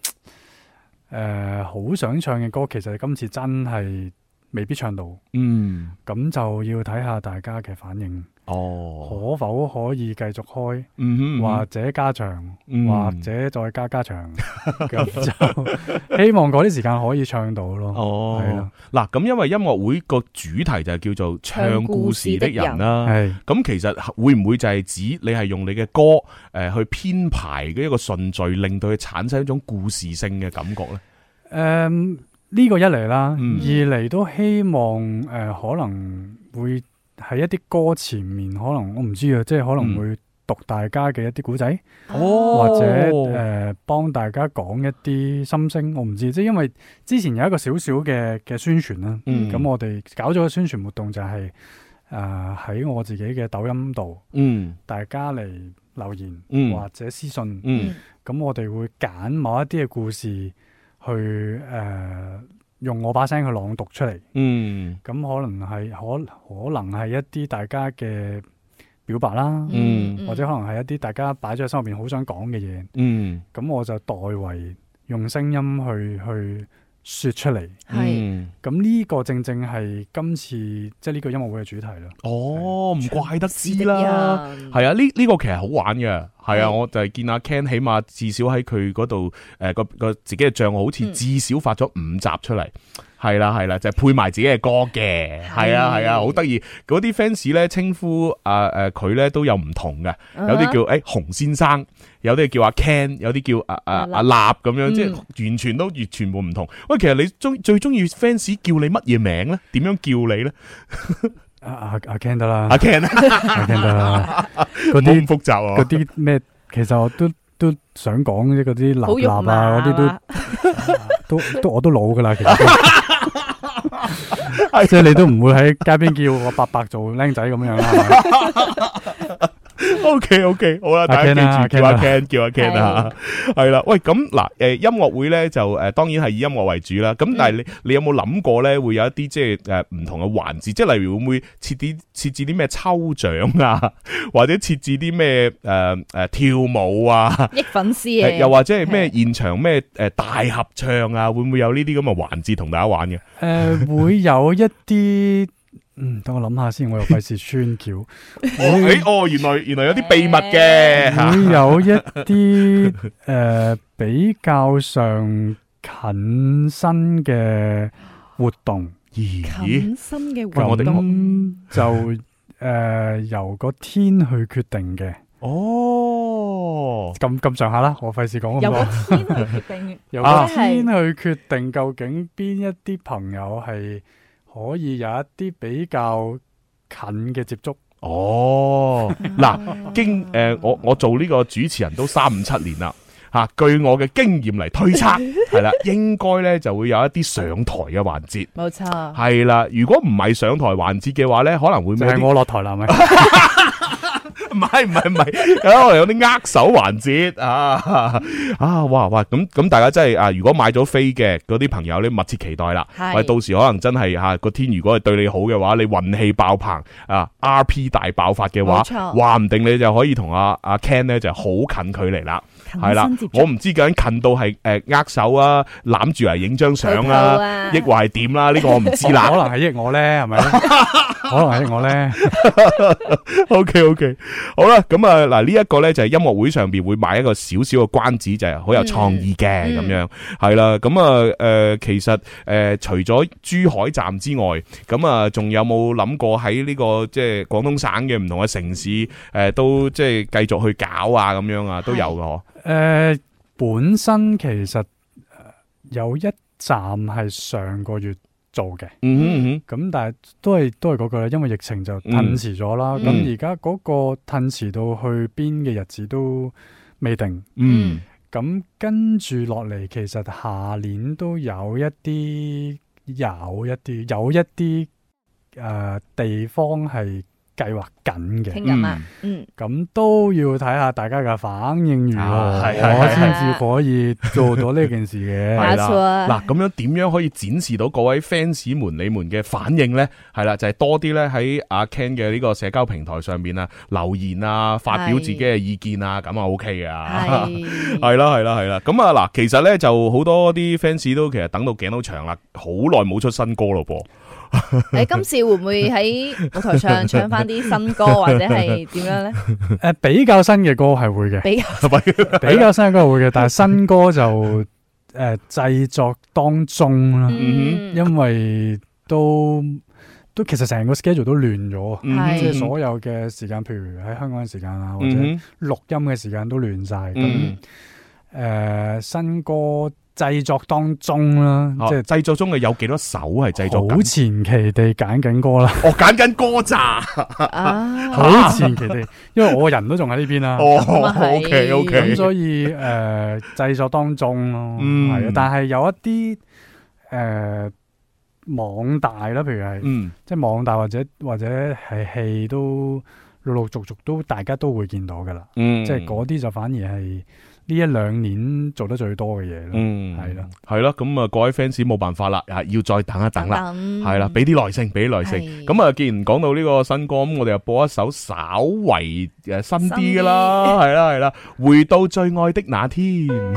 誒好想唱嘅歌，其實今次真係未必唱到，嗯，咁就要睇下大家嘅反應。哦，oh. 可否可以繼續開，mm hmm. 或者加場，mm hmm. 或者再加加場？咁 就希望嗰啲時間可以唱到咯。哦、oh. 的，嗱，咁因為音樂會個主題就係叫做唱故事的人啦。咁、嗯、的其實會唔會就係指你係用你嘅歌誒去編排嘅一個順序，令到佢產生一種故事性嘅感覺呢？誒、嗯、呢、這個一嚟啦，嗯、二嚟都希望誒、呃、可能會。喺一啲歌前面，可能我唔知啊，即係可能會讀大家嘅一啲古仔，嗯、或者誒幫、呃、大家講一啲心聲，我唔知。即係因為之前有一個小小嘅嘅宣傳啦，咁、嗯、我哋搞咗個宣傳活動就係誒喺我自己嘅抖音度，嗯，大家嚟留言，嗯、或者私信，嗯，咁我哋會揀某一啲嘅故事去誒。呃用我把聲去朗讀出嚟，嗯、咁、可能係可可能係一啲大家嘅表白啦，嗯、或者可能係一啲大家擺咗喺心入邊好想講嘅嘢，嗯、咁、我就代為用聲音去去。.說出嚟，係咁，呢個正正係今次即係呢個音樂會嘅主題咯。哦，唔怪得知啦，係啊，呢、呢、呢、個呢個其實好玩嘅，係啊，是我就係見阿 Ken 起碼至少喺佢嗰度誒個個，個自己嘅賬號，好似至少發咗五集出嚟，係啦係啦，就係配埋自己嘅歌嘅，係啊係啊，好得意。嗰啲 fans 咧稱呼誒誒佢咧都有唔同嘅，有啲叫誒洪、欸、先生。 有啲叫阿 Ken，有啲叫阿阿阿立咁樣，即係完全都完全冇唔同。喂，其實你中最中意 fans 叫你乜嘢名咧？點樣叫你咧？阿阿阿 Ken 得、啊、啦，阿、啊、Ken，阿 Ken 得啦。好複雜啊！嗰啲咩？其實我都都想講啫，嗰啲立立啊，嗰啲都都都我都老噶啦，其實。即係你都唔會喺街邊叫我伯伯做僆仔咁樣啦。 O K O K，好啦，大家記住叫阿 Ken，叫阿 Ken 吓，係啦。喂，咁嗱，誒，音樂會咧就誒，當然係以音樂為主啦。咁但係你你有冇諗過咧，會有一啲即係誒唔同嘅環節，即係例如會唔會設置設置啲咩抽獎啊，或者設置啲咩誒誒跳舞啊？益粉絲啊！又或者係咩現場咩誒大合唱啊？會唔會有呢啲咁嘅環節同大家玩嘅？誒，會有一啲。嗯，等我諗下先，我又費事穿橋。誒，哦，原來原來有啲秘密嘅， 會有一啲誒、呃、比較上近身嘅活動。而近身嘅活動，活動就誒、呃、由個天去決定嘅。哦，咁咁上下啦，我費事講。由個天去決定， 由個天去決定究竟邊一啲朋友係。可以有一啲比較近嘅接觸。哦，嗱，經誒、呃，我我做呢個主持人都三五七年啦，吓、啊、據我嘅經驗嚟推測，係啦， 應該咧就會有一啲上台嘅環節。冇錯錯，係啦，如果唔係上台環節嘅話咧，可能會咩？我落台啦係咪？ 唔係唔係唔係，可能 有啲握手環節啊啊，哇哇，咁咁大家真係啊，如果買咗飛嘅嗰啲朋友，你密切期待啦，係是到時可能真係吓個天，如果係對你好嘅話，你運氣爆棚啊，RP 大爆發嘅話，話唔錯定你就可以同阿阿 Ken 咧就好近距離啦。係啦，我唔知究竟近到係誒握手啊，攬住嚟，影張相啊，抑或係點啦？呢個我唔知啦，可能係益我咧，係咪？可能係益我咧。OK，OK，好啦，咁啊，嗱呢一個咧就係音樂會上邊會賣一個少少嘅關子，就係好有創意嘅咁樣。係啦，咁啊誒，其實誒，除咗珠海站之外，咁啊，仲有冇諗過喺呢個即係廣東省嘅唔同嘅城市誒，都即係繼續去搞啊咁樣啊，都有嘅嗬。誒、呃，本身其實有一站係上個月做嘅，咁、嗯嗯、但係都係都係嗰句啦，因為疫情就褪遲咗啦。咁而家嗰個褪遲到去邊嘅日子都未定。嗯，咁、嗯、跟住落嚟，其實下年都有一啲，有一啲，有一啲誒、呃、地方係。計劃緊嘅，聽日啊，嗯，咁都要睇下大家嘅反應如何，我先至可以做到呢件事嘅。係啦，嗱，咁樣點樣可以展示到各位 fans 們你們嘅反應咧？係啦，就係多啲咧喺阿 Ken 嘅呢個社交平台上面啊，留言啊，發表自己嘅意見啊，咁啊 OK 㗎，係，係啦，係啦，係啦，咁啊嗱，其實咧就好多啲 fans 都其實等到頸都長啦，好耐冇出新歌咯噃。你、啊、今次會唔會喺舞台唱唱翻啲新歌，或者係點樣咧？誒、呃，比較新嘅歌係會嘅， 比較新嘅歌係會嘅，但係新歌就誒製、 呃、作當中啦，嗯、因為都都其實成個 schedule 都亂咗，即係、嗯、所有嘅時間，譬如喺香港時間啊，或者錄音嘅時間都亂晒。咁誒、嗯呃、新歌。製作當中啦，即係製作中嘅有幾多首係製作好前期地，揀緊歌啦，我揀緊歌咋，好前期地，因為我個人都仲喺呢邊啦。哦，OK，OK，咁所以誒製作當中咯，嗯，係，但係有一啲誒網大啦，譬如係，嗯，即係網大或者或者係戲都陸陸續續都大家都會見到噶啦，嗯，即係嗰啲就反而係。呢一兩年做得最多嘅嘢，嗯，係啦的，係啦，咁啊，各位 fans 冇辦法啦，啊，要再等一等啦，係啦，俾啲耐性，俾啲耐性。咁啊的，既然講到呢個新歌，咁我哋又播一首稍為誒新啲啦，係啦係啦，回到最愛的那天。嗯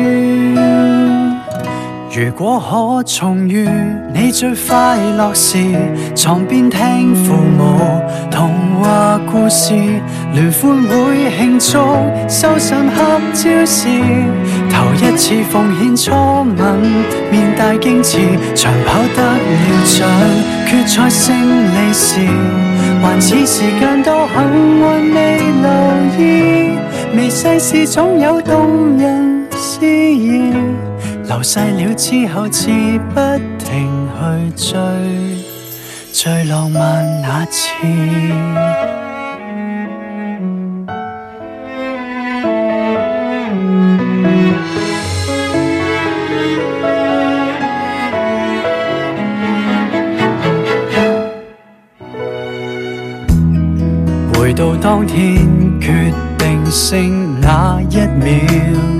如果可重遇你最快樂時，床邊聽父母童話故事，聯歡會慶祝，受神合照時，頭一次奉獻初吻，面帶矜持，長跑得了獎，決賽勝利時，還似時間都幸運未留意，微細事總有動人詩意。流逝了之後，似不停去追最浪漫那次。 回到當天決定性那一秒。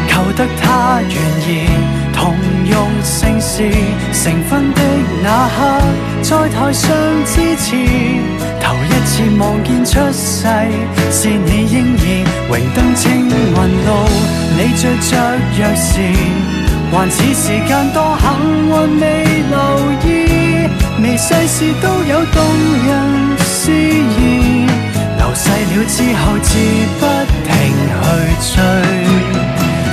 求得他願意同用姓氏，成婚的那刻，在台上致辭，頭一次望見出世是你嬰兒，榮登青雲路，你着着若時，還似時間多幸運未留意，微細事都有動人詩意，流逝了之後，自不停去追。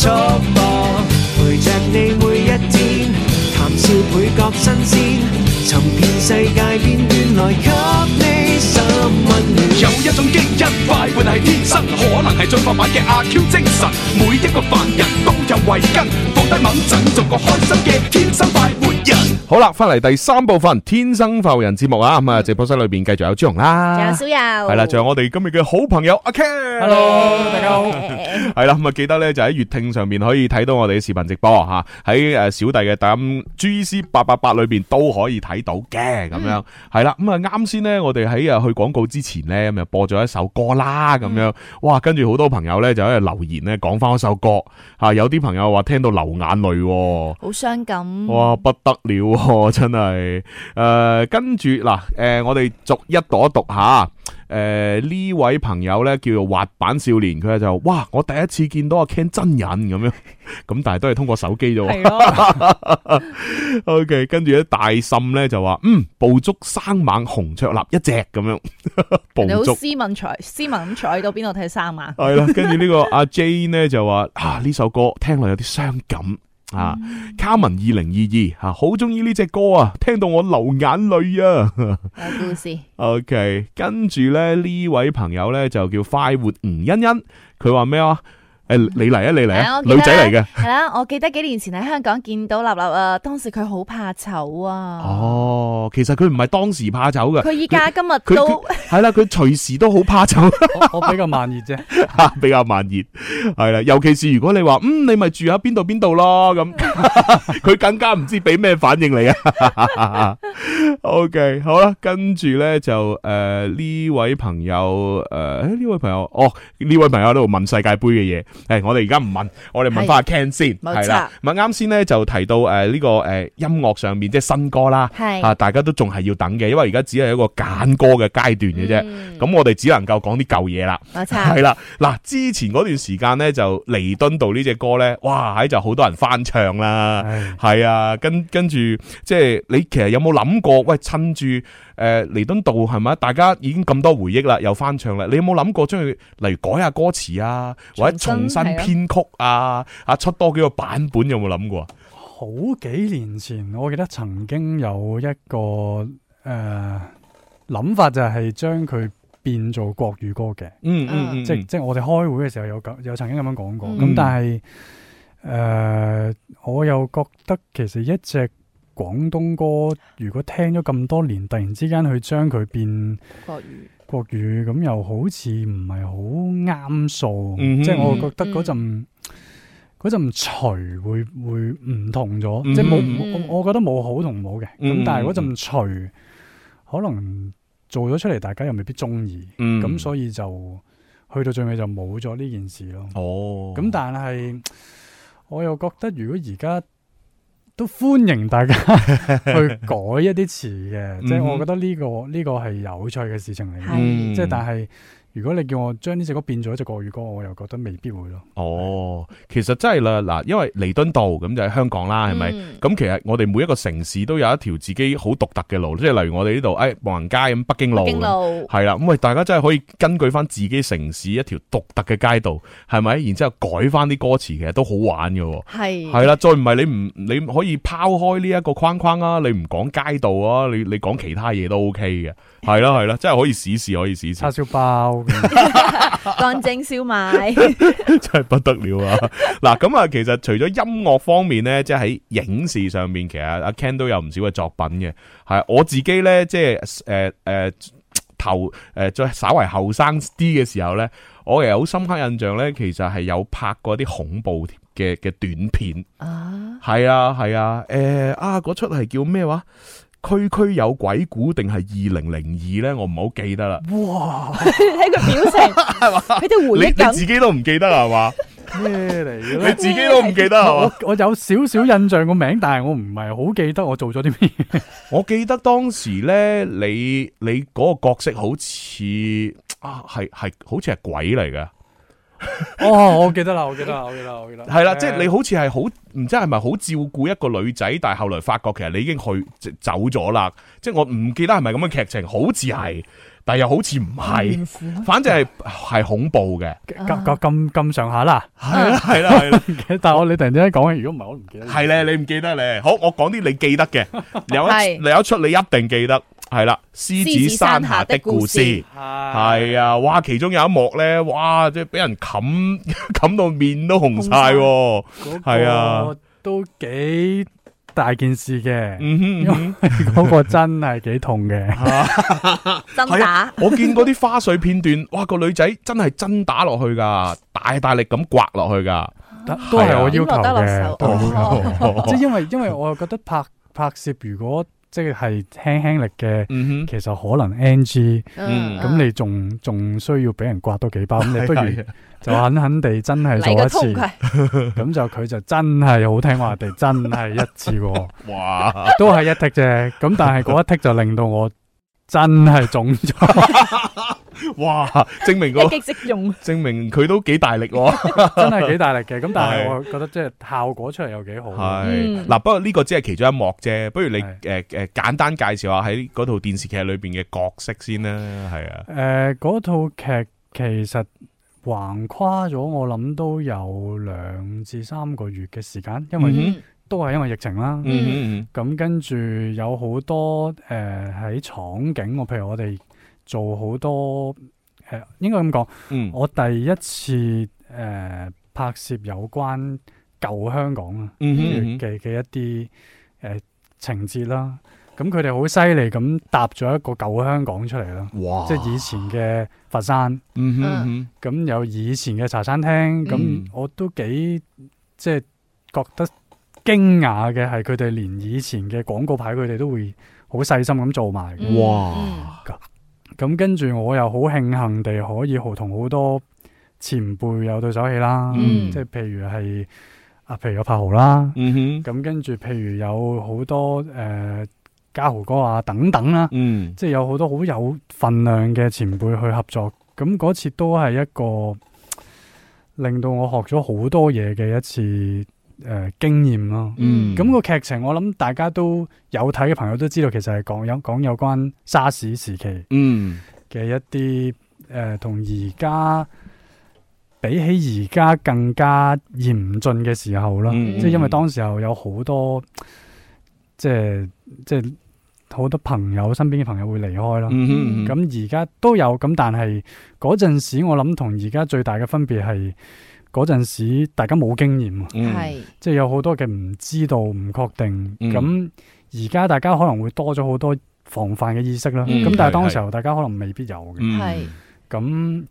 觸摸陪着你每一天，談笑配角新鮮。世界變變來給你心溫暖，有一種基因快活係天生，可能係進化版嘅阿 Q 精神。每一個凡人都有遺根，放低猛進，做個開心嘅天生快活人。好啦，翻嚟，第三部分《天生快活人》節目啊，咁啊直播室裏邊繼續有朱榮啦，有小柔，係啦，仲有我哋今日嘅好朋友阿 Ken。Hello，大家好。係啦，咁啊記得咧就喺月聽上面可以睇到我哋嘅視頻直播吓，喺誒小弟嘅抖音 G C 八八八裏邊都可以睇到嘅。係咁樣係啦，咁啊啱先咧，嗯、我哋喺啊去廣告之前咧，咪播咗一首歌啦，咁樣、嗯，哇，跟住好多朋友咧就喺度留言咧講翻嗰首歌，吓有啲朋友話聽到流眼淚，好傷感，哇不得了喎、啊，真係，誒、呃，跟住嗱，誒、呃，我哋逐一讀一讀一下。誒，呢、呃、位朋友咧叫做滑板少年，佢就哇，我第一次見到阿 Ken 真人咁樣，咁但係都係通過手機啫。係 O K，跟住咧大滲咧就話，嗯，捕捉生猛洪卓立一隻咁樣。你好斯文彩， 斯文咁彩，啊，到邊度睇生猛？係啦，跟住呢個阿 Jane 咧就話，啊，呢首歌聽落有啲傷感。啊，卡文二零二二吓，好中意呢隻歌啊，聽到我流眼淚啊。 OK，跟住咧呢位朋友咧就叫快活吳欣欣，佢話咩啊？誒，你嚟啊！你嚟啊！啊女仔嚟嘅係啦，我記得幾年前喺香港見到立立啊，當時佢好怕醜啊。哦，其實佢唔係當時怕醜嘅，佢依家今日都係啦，佢隨時都好怕醜。我比較慢熱啫、 啊，比較慢熱係啦，尤其是如果你話嗯，你咪住喺邊度邊度咯咁，佢 更加唔知俾咩反應嚟嘅。啊、 OK，好啦，跟住咧就誒呢、呃、位朋友誒誒呢位朋友哦呢、呃、位朋友喺度、哦、問世界杯嘅嘢。誒、哎，我哋而家唔問，我哋問翻阿 Ken 先，係啦。咁啱先咧就提到誒呢、呃這個誒、呃、音樂上面即係新歌啦，係是啊，大家都仲係要等嘅，因為而家只係一個揀歌嘅階段嘅啫。咁、嗯、我哋只能夠講啲舊嘢啦。冇錯，係啦。嗱，之前嗰段時間咧就《彌敦道》呢隻歌咧，哇喺就好多人翻唱啦，係唉啊，跟跟住即係你其實有冇諗過？喂，趁住。誒、呃、彌敦道係咪？大家已經咁多回憶啦，又翻唱啦。你有冇諗過將佢例如改下歌詞啊，身或者重新編曲啊？啊的，出多幾個版本有冇諗過？好幾年前，我記得曾經有一個誒諗、呃、法，就係將佢變做國語歌嘅、嗯。嗯嗯嗯，即嗯即，即我哋開會嘅時候有咁有曾經咁樣講過。咁、嗯嗯、但係誒、呃，我又覺得其實一直……廣東歌如果聽咗咁多年，突然之間去將佢變國語，國語咁又好似唔係好啱數，嗯、哼即係我覺得嗰陣嗰陣錘會會唔同咗，嗯、哼即係冇，我我覺得冇好同冇嘅。咁、嗯、哼但係嗰陣錘可能做咗出嚟，大家又未必中意，咁、嗯、哼所以就去到最尾就冇咗呢件事咯。哦，咁但係我又覺得如果而家都歡迎大家去改一啲詞嘅， 即係我覺得呢個、呢個係有趣嘅事情嚟嘅，嗯、即係但係。如果你叫我將呢隻歌變咗隻國語歌，我又覺得未必會咯。哦，其實真係啦，嗱，因為彌敦道咁就喺香港啦，係咪？咁、嗯、其實我哋每一個城市都有一條自己好獨特嘅路，即係例如我哋呢度，誒步行街咁北京路。北京路係啦，咁喂，大家真係可以根據翻自己城市一條獨特嘅街道，係咪？然之後改翻啲歌詞，其實都好玩嘅。係係啦，再唔係你唔你可以拋開呢一個框框啊，你唔講街道啊，你你講其他嘢都 OK 嘅。係啦係啦，真係可以試試，可以試試叉燒包。乾蒸燒賣 真係不得了啊！嗱， 咁啊，其實除咗音樂方面咧，即係喺影視上面，其實阿 Ken 都有唔少嘅作品嘅。係我自己咧，即係誒誒，頭誒，再、呃、稍微後生啲嘅時候咧，我其實好深刻印象咧，其實係有拍過啲恐怖嘅嘅短片啊。係啊係啊，誒啊，嗰出係叫咩話？區區有鬼故定係二零零二咧？我唔好記得啦。哇！睇個表情，係嘛？喺度回憶緊。你自己都唔記得係嘛？咩嚟嘅？你自己都唔記得啊！ 我我有少少印象個名，但係我唔係好記得我做咗啲咩。 我記得當時咧，你你嗰個角色好似啊，係係好似係鬼嚟嘅。 哦，我記得啦，我記得啦，我記得，我記得。係啦了，嗯、即係你好似係好，唔知係咪好照顧一個女仔，但係後來發覺其實你已經去即走咗啦，即係我唔記得係咪咁嘅劇情，好似係。嗯但又好似唔係，富反正係係恐怖嘅，咁咁、啊、上下啦，係啦係啦。啊啊啊、 但係我你突然之間講嘅，如果唔係我唔記、啊、記得。係咧，你唔記得？你好，我講啲你記得嘅， 有一有 一出你一定記得，係啦、啊《獅、啊、子山下的故事》，係係啊，哇！其中有一幕咧，哇，即係俾人冚冚到面都紅曬，係那個 啊，都幾。大件事嘅，嗰、嗯、哼個真係幾痛嘅，真打。我見嗰啲花絮片段，哇，個女仔真係真打落去噶，大大力咁刮落去噶， 都係我要求嘅。即係 因為因為我又覺得拍拍攝如果。即係輕輕力嘅，嗯、哼其實可能 NG，咁、嗯、你仲仲需要俾人刮多幾包，咁、嗯、你不如就狠狠地真係做一次，咁 就佢就真係好聽話地 真係一次喎，哇，都係一剔啫，咁但係嗰一剔就令到我。真係腫咗，哇！證明個積 直用，證明佢都幾大力，哦， 真係幾大力嘅。咁是 但係我覺得即係效果出嚟又幾好。係嗱，不過呢個只係其中一幕啫。不如你誒誒是、呃呃、簡單介紹下喺嗰套電視劇裏邊嘅角色先啦，係啊、呃。誒，嗰套劇其實橫跨咗，我諗都有兩至三個月嘅時間，因為。嗯都係因為疫情啦，咁跟住有好多誒喺廠景我，譬如我哋做好多誒，應該咁講，我第一次誒拍攝有關舊香港啊嘅嘅一啲誒情節啦。咁佢哋好犀利咁搭咗一個舊香港出嚟啦，哇，即係以前嘅佛山，咁有以前嘅茶餐廳，咁我都幾即係覺得。驚訝嘅係佢哋連以前嘅廣告牌佢哋都會好細心咁做埋，哇！噶咁、嗯、跟住我又好慶幸地可以同好多前輩有對手戲啦，嗯、即係譬如係啊，譬如有柏豪啦，咁、嗯、哼跟住譬如有好多誒、呃、嘉豪哥啊等等啦，嗯、即係有好多好有份量嘅前輩去合作，咁嗰次都係一個令到我學咗好多嘢嘅一次。誒、呃，經驗咯，咁、嗯、個劇情我諗大家都有睇嘅朋友都知道，其實係講有講有關沙士時期嘅一啲誒、呃，同而家比起而家更加嚴峻嘅時候啦，嗯嗯、即係因為當時候有好多即係即係好多朋友身邊嘅朋友會離開啦，咁而家都有，咁但係嗰陣時我諗同而家最大嘅分別係嗰陣時大家冇經驗啊，嗯、即係有好多嘅唔知道、唔確定。咁而家大家可能會多咗好多防範嘅意識啦。咁、嗯、但係當時候大家可能未必有嘅。咁誒、嗯嗯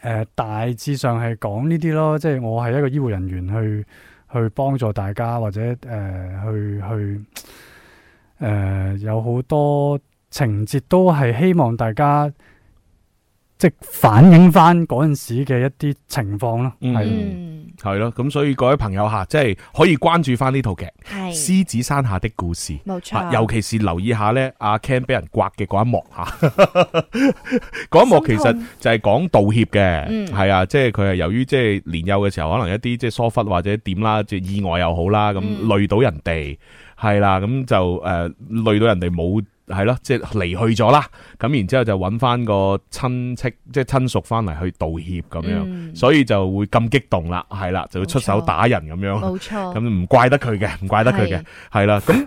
呃、大致上係講呢啲咯，即係我係一個醫護人員去去幫助大家或者誒、呃、去去誒、呃、有好多情節都係希望大家。即反映翻嗰陣時嘅一啲情況咯，係係咯，咁所以各位朋友吓，即係可以關注翻呢套劇《獅子山下的故事》，尤其是留意下咧阿 Ken 俾人刮嘅嗰一幕吓，嗰一幕其實就係講道歉嘅，係啊，即係佢係由於即係年幼嘅時候，可能一啲即係疏忽或者點啦，即係意外又好啦，咁累到人哋，係啦，咁就誒累到人哋冇。係咯，即係離去咗啦。咁然之後就揾翻個親戚，即係親屬翻嚟去道歉咁樣，所以就會咁激動啦，係啦，就會出手打人咁樣。冇錯，咁唔怪得佢嘅，唔怪得佢嘅，係啦。咁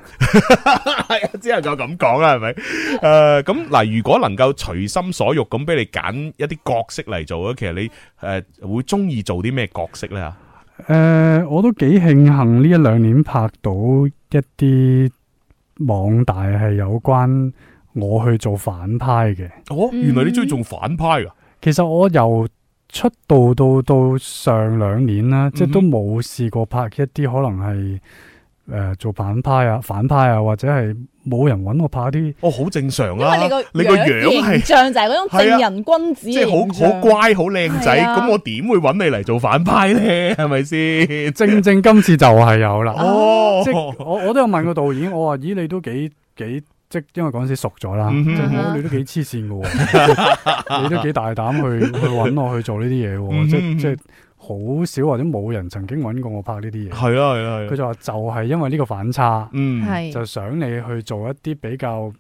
係只能夠咁講啦，係咪？誒，咁嗱，如果能夠隨心所欲咁俾你揀一啲角色嚟做咧，其實你誒會中意做啲咩角色咧？誒，我都幾慶幸呢一兩年拍到一啲。網大係有關我去做反派嘅。哦，原來你鍾意做反派噶、啊。嗯、哼其實我由出道到到上兩年啦，嗯、哼即係都冇試過拍一啲可能係誒、呃、做反派啊、反派啊或者係。冇人揾我拍啲，哦好正常啦、啊，你個你個樣係，就係嗰種正人君子、啊，即係好好乖好靚仔，咁、啊、我點會揾你嚟做反派咧？係咪先？正正今次就係有啦。哦，即係我我都有問過導演，我話咦你都幾幾即係因為嗰時熟咗啦，你都幾黐線噶，你都幾大膽去去揾我去做呢啲嘢，即即係。嗯哼哼好少或者冇人曾經揾過我拍呢啲嘢，係啊係啊係。佢、啊、就話就係因為呢個反差，嗯，係就想你去做一啲比較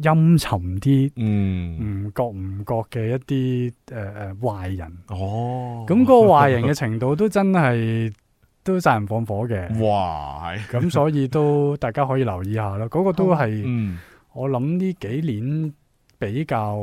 陰沉啲，嗯，唔覺唔覺嘅一啲誒誒壞人。哦，咁嗰個壞人嘅程度都真係 都殺人放火嘅。哇，咁所以都 大家可以留意下咯。嗰、那個都係，嗯、我諗呢幾年比較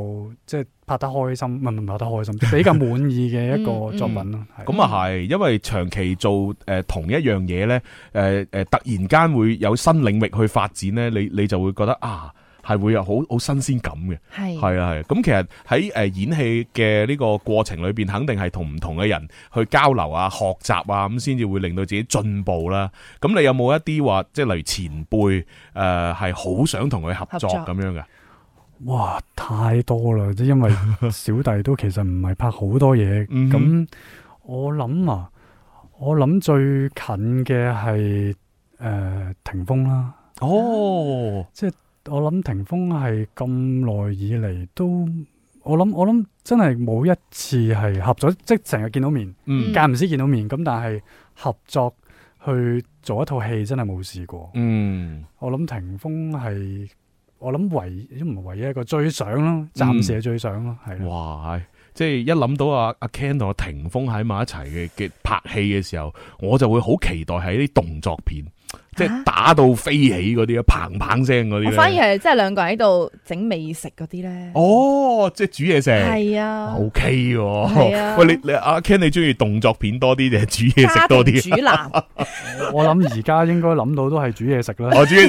即係。就是拍得開心，唔係唔係，拍得開心，就係、比較滿意嘅一個作品咯。咁啊係，因為長期做誒、呃、同一樣嘢咧，誒、呃、誒、呃，突然間會有新領域去發展咧，你你就會覺得啊，係會有好好新鮮感嘅。係係啊係。咁、嗯、其實喺誒演戲嘅呢個過程裏邊，肯定係同唔同嘅人去交流啊、學習啊，咁先至會令到自己進步啦。咁、啊、你有冇一啲話，即係例如前輩誒係好想同佢合作咁樣嘅？哇，太多啦！即因為小弟都其實唔係拍好多嘢，咁我諗啊，我諗最近嘅係誒霆鋒啦。哦，即係我諗霆鋒係咁耐以嚟都，我諗我諗真係冇一次係合作，即成日見到面，間唔、嗯、時見到面，咁但係合作去做一套戲真係冇試過。嗯，我諗霆鋒係。我諗唯唔係唯一一個最想咯，暫時係最想咯，係、嗯、的哇！即係一諗到阿阿 Ken 同阿霆鋒喺埋一齊嘅拍戲嘅時候，我就會好期待喺啲動作片。即係打到飛起嗰啲啊，砰砰聲嗰啲咧，反而係即係兩個人喺度整美食嗰啲咧。哦，即係煮嘢食。係啊。O K 喎。係啊。喂，你你阿 Ken，你中意動作片多啲定係煮嘢食多啲？煮男。我諗而家應該諗到都係煮嘢食啦。哦，煮嘢食。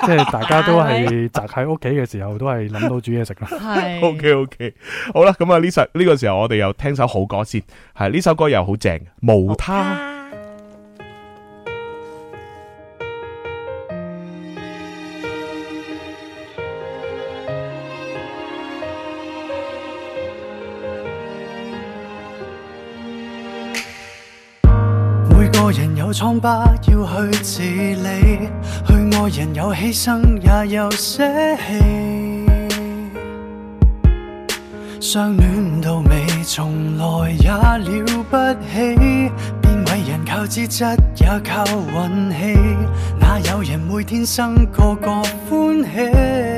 即係大家都係宅喺屋企嘅時候，都係諗到煮嘢食啦。係。O K O K。好啦，咁啊呢時呢個時候，我哋又聽首好歌先。係呢首歌又好正，無他。瘡疤要去治理，去愛人有犧牲也有捨棄，相戀到尾從來也了不起，變偉人靠資質也靠運氣，哪有人會天生個個歡喜？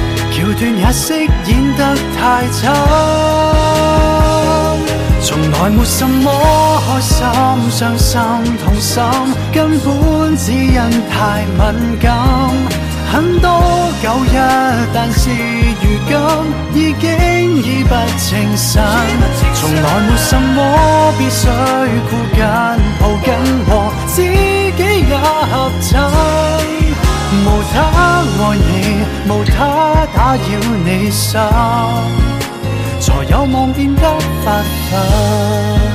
橋段也飾演得太慘，從來沒什麼開心、傷心、痛心，根本只因太敏感。很多舊日，但是如今已經已不稱心。從來沒什麼必須箍緊抱緊我自己也合襯。無他愛你，無他打擾你心，才有望變得不朽。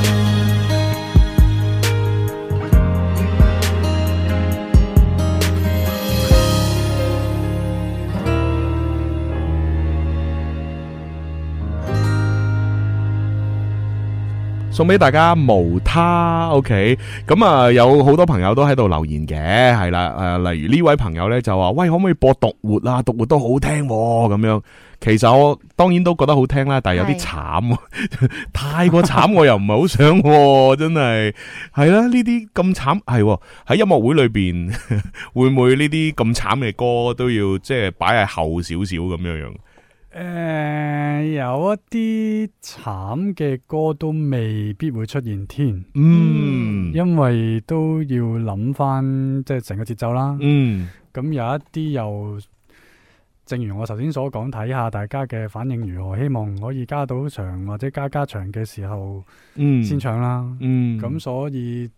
送俾大家無他，OK，咁啊有好多朋友都喺度留言嘅，係啦，誒、呃，例如呢位朋友咧就話：喂，可唔可以播《獨活》啊？《獨活》都好聽喎。咁樣。其實我當然都覺得好聽啦，但係有啲慘，是 太過慘，我又唔係好想、喎，真係係啦。呢啲咁慘係喺音樂會裏邊， 會唔會呢啲咁慘嘅歌都要即係擺喺後少少咁樣樣？誒、呃，有一啲慘嘅歌都未必會出現添，嗯，嗯，因為都要諗翻即係成個節奏啦，嗯，咁有一啲又，正如我頭先所講，睇下大家嘅反應如何，希望可以加到場或者加加場嘅時候，嗯，先唱啦，嗯，咁、嗯、所以誒。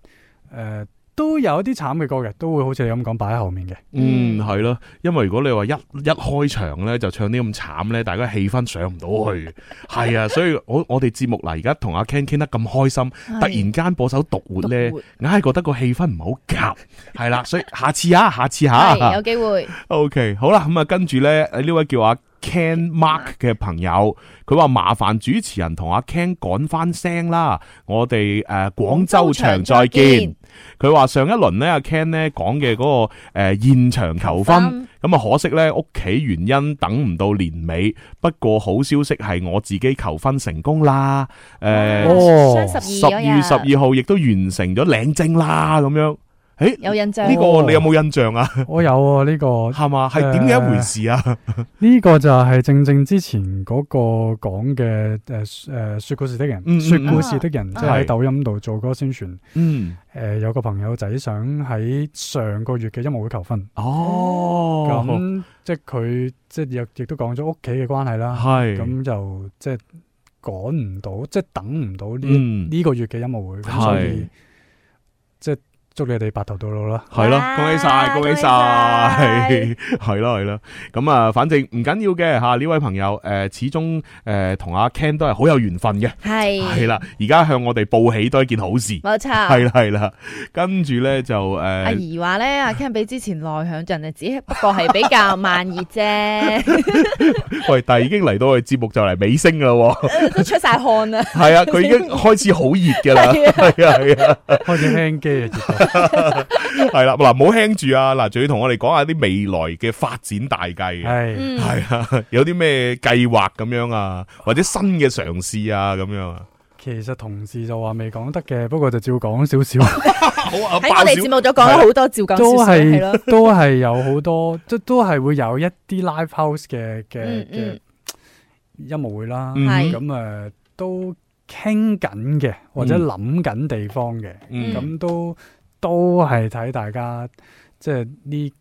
呃都有一啲慘嘅歌嘅，都會好似你咁講擺喺後面嘅。嗯，係咯，因為如果你話一一開場咧就唱啲咁慘咧，大家氣氛上唔到去，係啊， 所以我我哋節目嗱，而家同阿 Ken 傾得咁開心， 突然間播首獨活咧，硬係活覺得個氣氛唔係好夾，係啦， 所以下次下、啊，下次下、啊， 有機會。OK，好啦，咁啊，跟住咧，呢位叫阿。Ken Mark 嘅朋友，佢話麻煩主持人同阿 Ken 講返聲啦，我哋誒廣州場再見。佢話上一輪咧，阿 Ken 咧講嘅嗰個誒、呃、現場求婚，咁啊、嗯、可惜咧屋企原因等唔到年尾，不過好消息係我自己求婚成功啦，誒十二月十二號亦都完成咗領證啦，咁樣。誒，有印象，呢個你有冇印象啊？我有啊，呢個係咪？係點嘅一回事啊？呢個就係正正之前嗰個講嘅誒誒，說故事的人，說故事的人即係喺抖音度做嗰個宣傳。嗯，誒，有個朋友仔想喺上個月嘅音樂會求婚。哦，咁即係佢即係亦亦都講咗屋企嘅關係啦。係咁就即係趕唔到，即係等唔到呢呢個月嘅音樂會。所以即係。祝你哋白頭到老啦，係咯，恭喜晒，恭喜晒，係係咯係咯。咁啊，反正唔緊要嘅，吓，呢位朋友誒，始終誒同阿 Ken 都係好有緣分嘅，係係啦。而家向我哋報喜都係一件好事，冇錯，係啦係啦。跟住咧就誒，阿怡話咧，阿 Ken 比之前內向陣啊只，不過係比較慢熱啫。喂，但係已經嚟到我哋節目就嚟尾聲啦，都出晒汗啦。係啊，佢已經開始好熱嘅啦，係啊係啊，開始 hang 機啊。係啦，嗱，唔好輕住啊！嗱，仲要同我哋講下啲未來嘅發展大計嘅，係係啊，有啲咩計劃咁樣啊，或者新嘅嘗試啊，咁樣。其實同事就話未講得嘅，不過就照講少少，啊。喺我哋節目都講咗好多，照講都係都係有好多，都都係會有一啲 live house 嘅嘅嘅音樂會啦。咁誒、嗯嗯嗯，都傾緊嘅，或者諗緊地方嘅，咁、嗯嗯、都。都係睇大家，即係呢，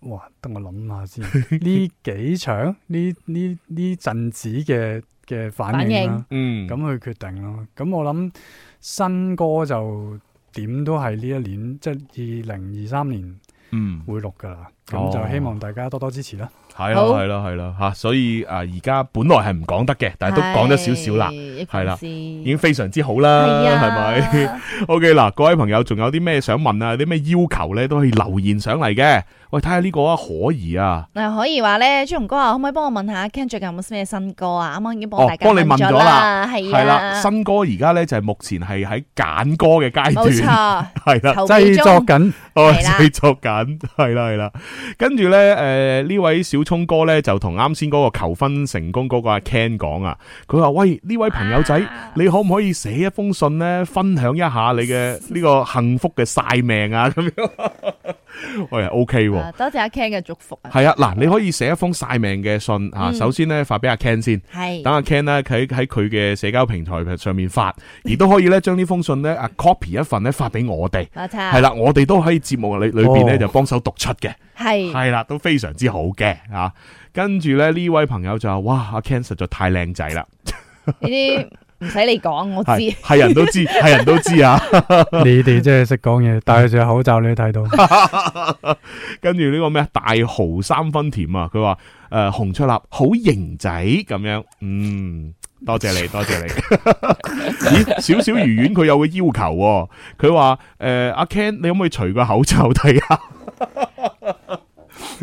哇！等我諗下先，呢 幾場，呢呢呢陣子嘅嘅反應啦應、嗯，嗯，咁去決定咯。咁我諗新歌就點都係呢一年，即係二零二三年會，嗯，會錄噶啦。咁就希望大家多多支持啦。哦。係囉，係囉，係囉，吓，所以啊，而家本來係唔講得嘅，但係都講咗少少啦，係啦是，吧已經非常之好啦，係咪？OK 嗱，各位朋友，仲有啲咩想問啊？啲咩要求咧都可以留言上嚟嘅。喂，睇下呢個啊，可以啊。嗱，可以話咧，朱紅哥啊，可唔可以幫我問下 Ken 最近有冇咩新歌剛剛、哦、啊？啱啱已經幫大家問咗啦，係啦，新歌而家咧就係目前係喺揀歌嘅階段，冇錯錯，係啦、啊，製、就是、作緊，哦沒錯，製 Esc rat、啊就是、作緊，係啦，係、嗯、啦，跟住咧，誒，呢位小。聰哥咧就同啱先嗰個求婚成功嗰個阿 Ken 講啊，佢話喂呢位朋友仔，你可唔可以寫一封信咧，分享一下你嘅呢個幸福嘅晒命啊咁樣。 我係、哎、OK、啊、多謝阿 Ken 嘅祝福啊！係啊、嗯，嗱，你可以寫一封曬命嘅信啊，首先咧發俾阿 Ken 先，係是，等阿 Ken 咧喺喺佢嘅社交平台上面發， 而都可以咧將呢將封信咧阿、啊、copy 一份咧發俾我哋，係啦插，我哋都可以節目裏裏邊咧就幫手讀出嘅，係、哦，係啦是、啊，都非常之好嘅啊！跟住咧呢位朋友就話哇，阿 Ken 實在太靚仔啦！呢啲。唔使你講，我知係人都知，係人都知啊！ 你哋真係識講嘢，戴住口罩你睇到， 跟住呢個咩大豪三分甜啊！佢話誒洪卓立好型仔咁樣，嗯，多謝你，多謝你。 咦，少少魚丸佢有個要求，啊，佢話誒阿 Ken，你可唔可以除個口罩睇下？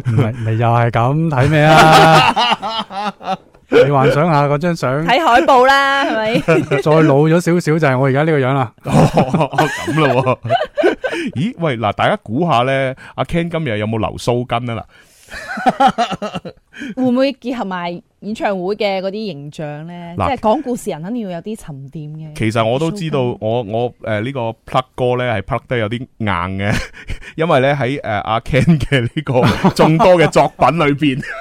唔係， 你又係咁睇咩啊？ 你幻想下嗰張相，睇海報啦，係咪？再老咗少少就係、是、我而家呢個樣啦。哦，咁咯。咦？喂，嗱，大家估下咧，阿 Ken 今日有冇留鬚根啊？嗱 ， 會唔會結合埋演唱會嘅嗰啲形象咧？ 即係講故事人肯定要有啲沉澱嘅。其實我都知道我我，我我誒呢個 plug 歌咧係 plug 得有啲硬嘅， 因為咧喺誒阿 Ken 嘅呢個眾多嘅作品裏邊。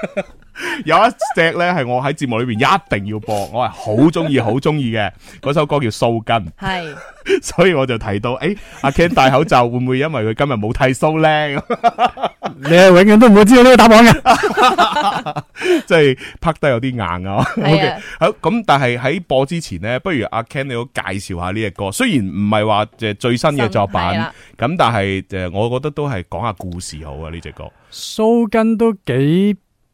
有一隻咧係我喺節目裏邊一定要播，我係好中意好中意嘅嗰首歌叫《蘇根》，係是 所以我就提到，誒、欸，阿 Ken 戴口罩會唔會因為佢今日冇剃須咧？ 你係永遠都唔會知道呢個答案嘅， 即係拍得有啲硬啊。啊 OK，好、嗯、咁，但係喺播之前咧，不如阿、啊、Ken 你都介紹下呢隻歌，雖然唔係話即係最新嘅作品，咁、啊、但係誒，我覺得都係講下故事好啊。呢隻歌《蘇根》都幾。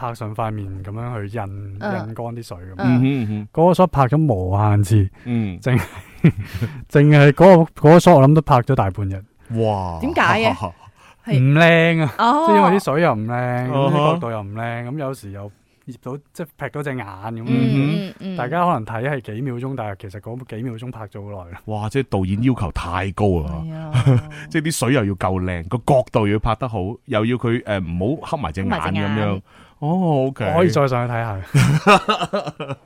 拍上塊面咁樣去印印乾啲水咁，嗰個所拍咗無限次，淨淨係嗰個個所，我諗都拍咗大半日。哇！點解嘅？唔靚啊！即係因為啲水又唔靚，角度又唔靚，咁有時又即係劈到隻眼咁。大家可能睇係幾秒鐘，但係其實嗰幾秒鐘拍咗好耐啦。哇！即係導演要求太高啊！即係啲水又要夠靚，個角度要拍得好，又要佢誒，唔好瞌埋隻眼咁樣。哦，O K，可以再上去睇下。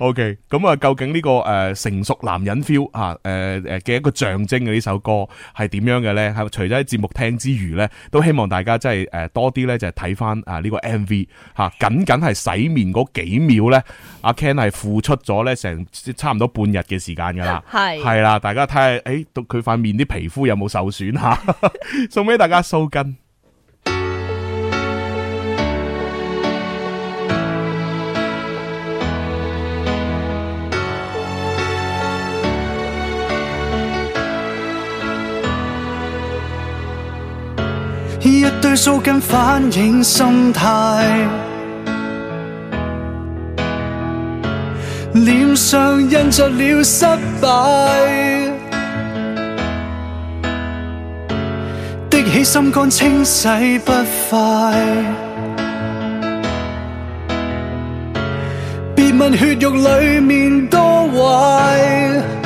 O K，咁啊，究竟呢、這個誒、呃、成熟男人 feel 啊、呃，誒誒嘅一個象徵嘅呢首歌係點樣嘅咧？係除咗喺節目聽之餘咧，都希望大家真係誒、呃、多啲咧，就係睇翻啊呢個 M V 吓、啊，僅僅係洗面嗰幾秒咧，阿、啊、Ken 係付出咗咧成差唔多半日嘅時間噶啦，係係 是啦，大家睇下誒，到佢塊面啲皮膚有冇受損吓、啊？ 送俾大家蘇根。一堆粗筋反映心態，臉 上印着了失敗， 滴起心肝清洗不快，別 問血肉裡面多壞。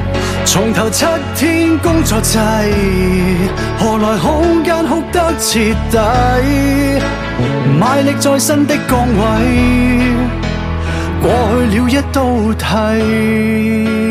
從頭七天工作制，何來空間哭得徹底？賣力在新的崗位，過去了一道梯。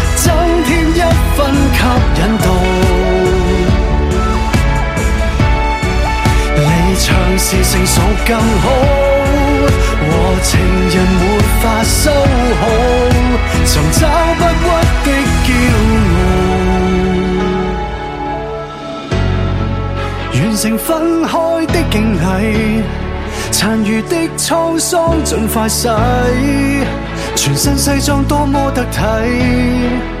吸引到你，離場時成熟更好，和情人沒法修好，尋找不屈的驕傲，完成分開的敬禮，殘餘的滄桑盡快洗，全身西裝多麼得體。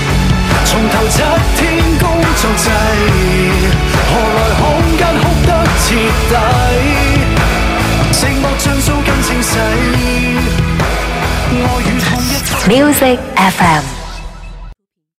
從頭七天工作制，何來空間，哭得徹底，寂寞像素更清晰，愛與恨一層一層 music fm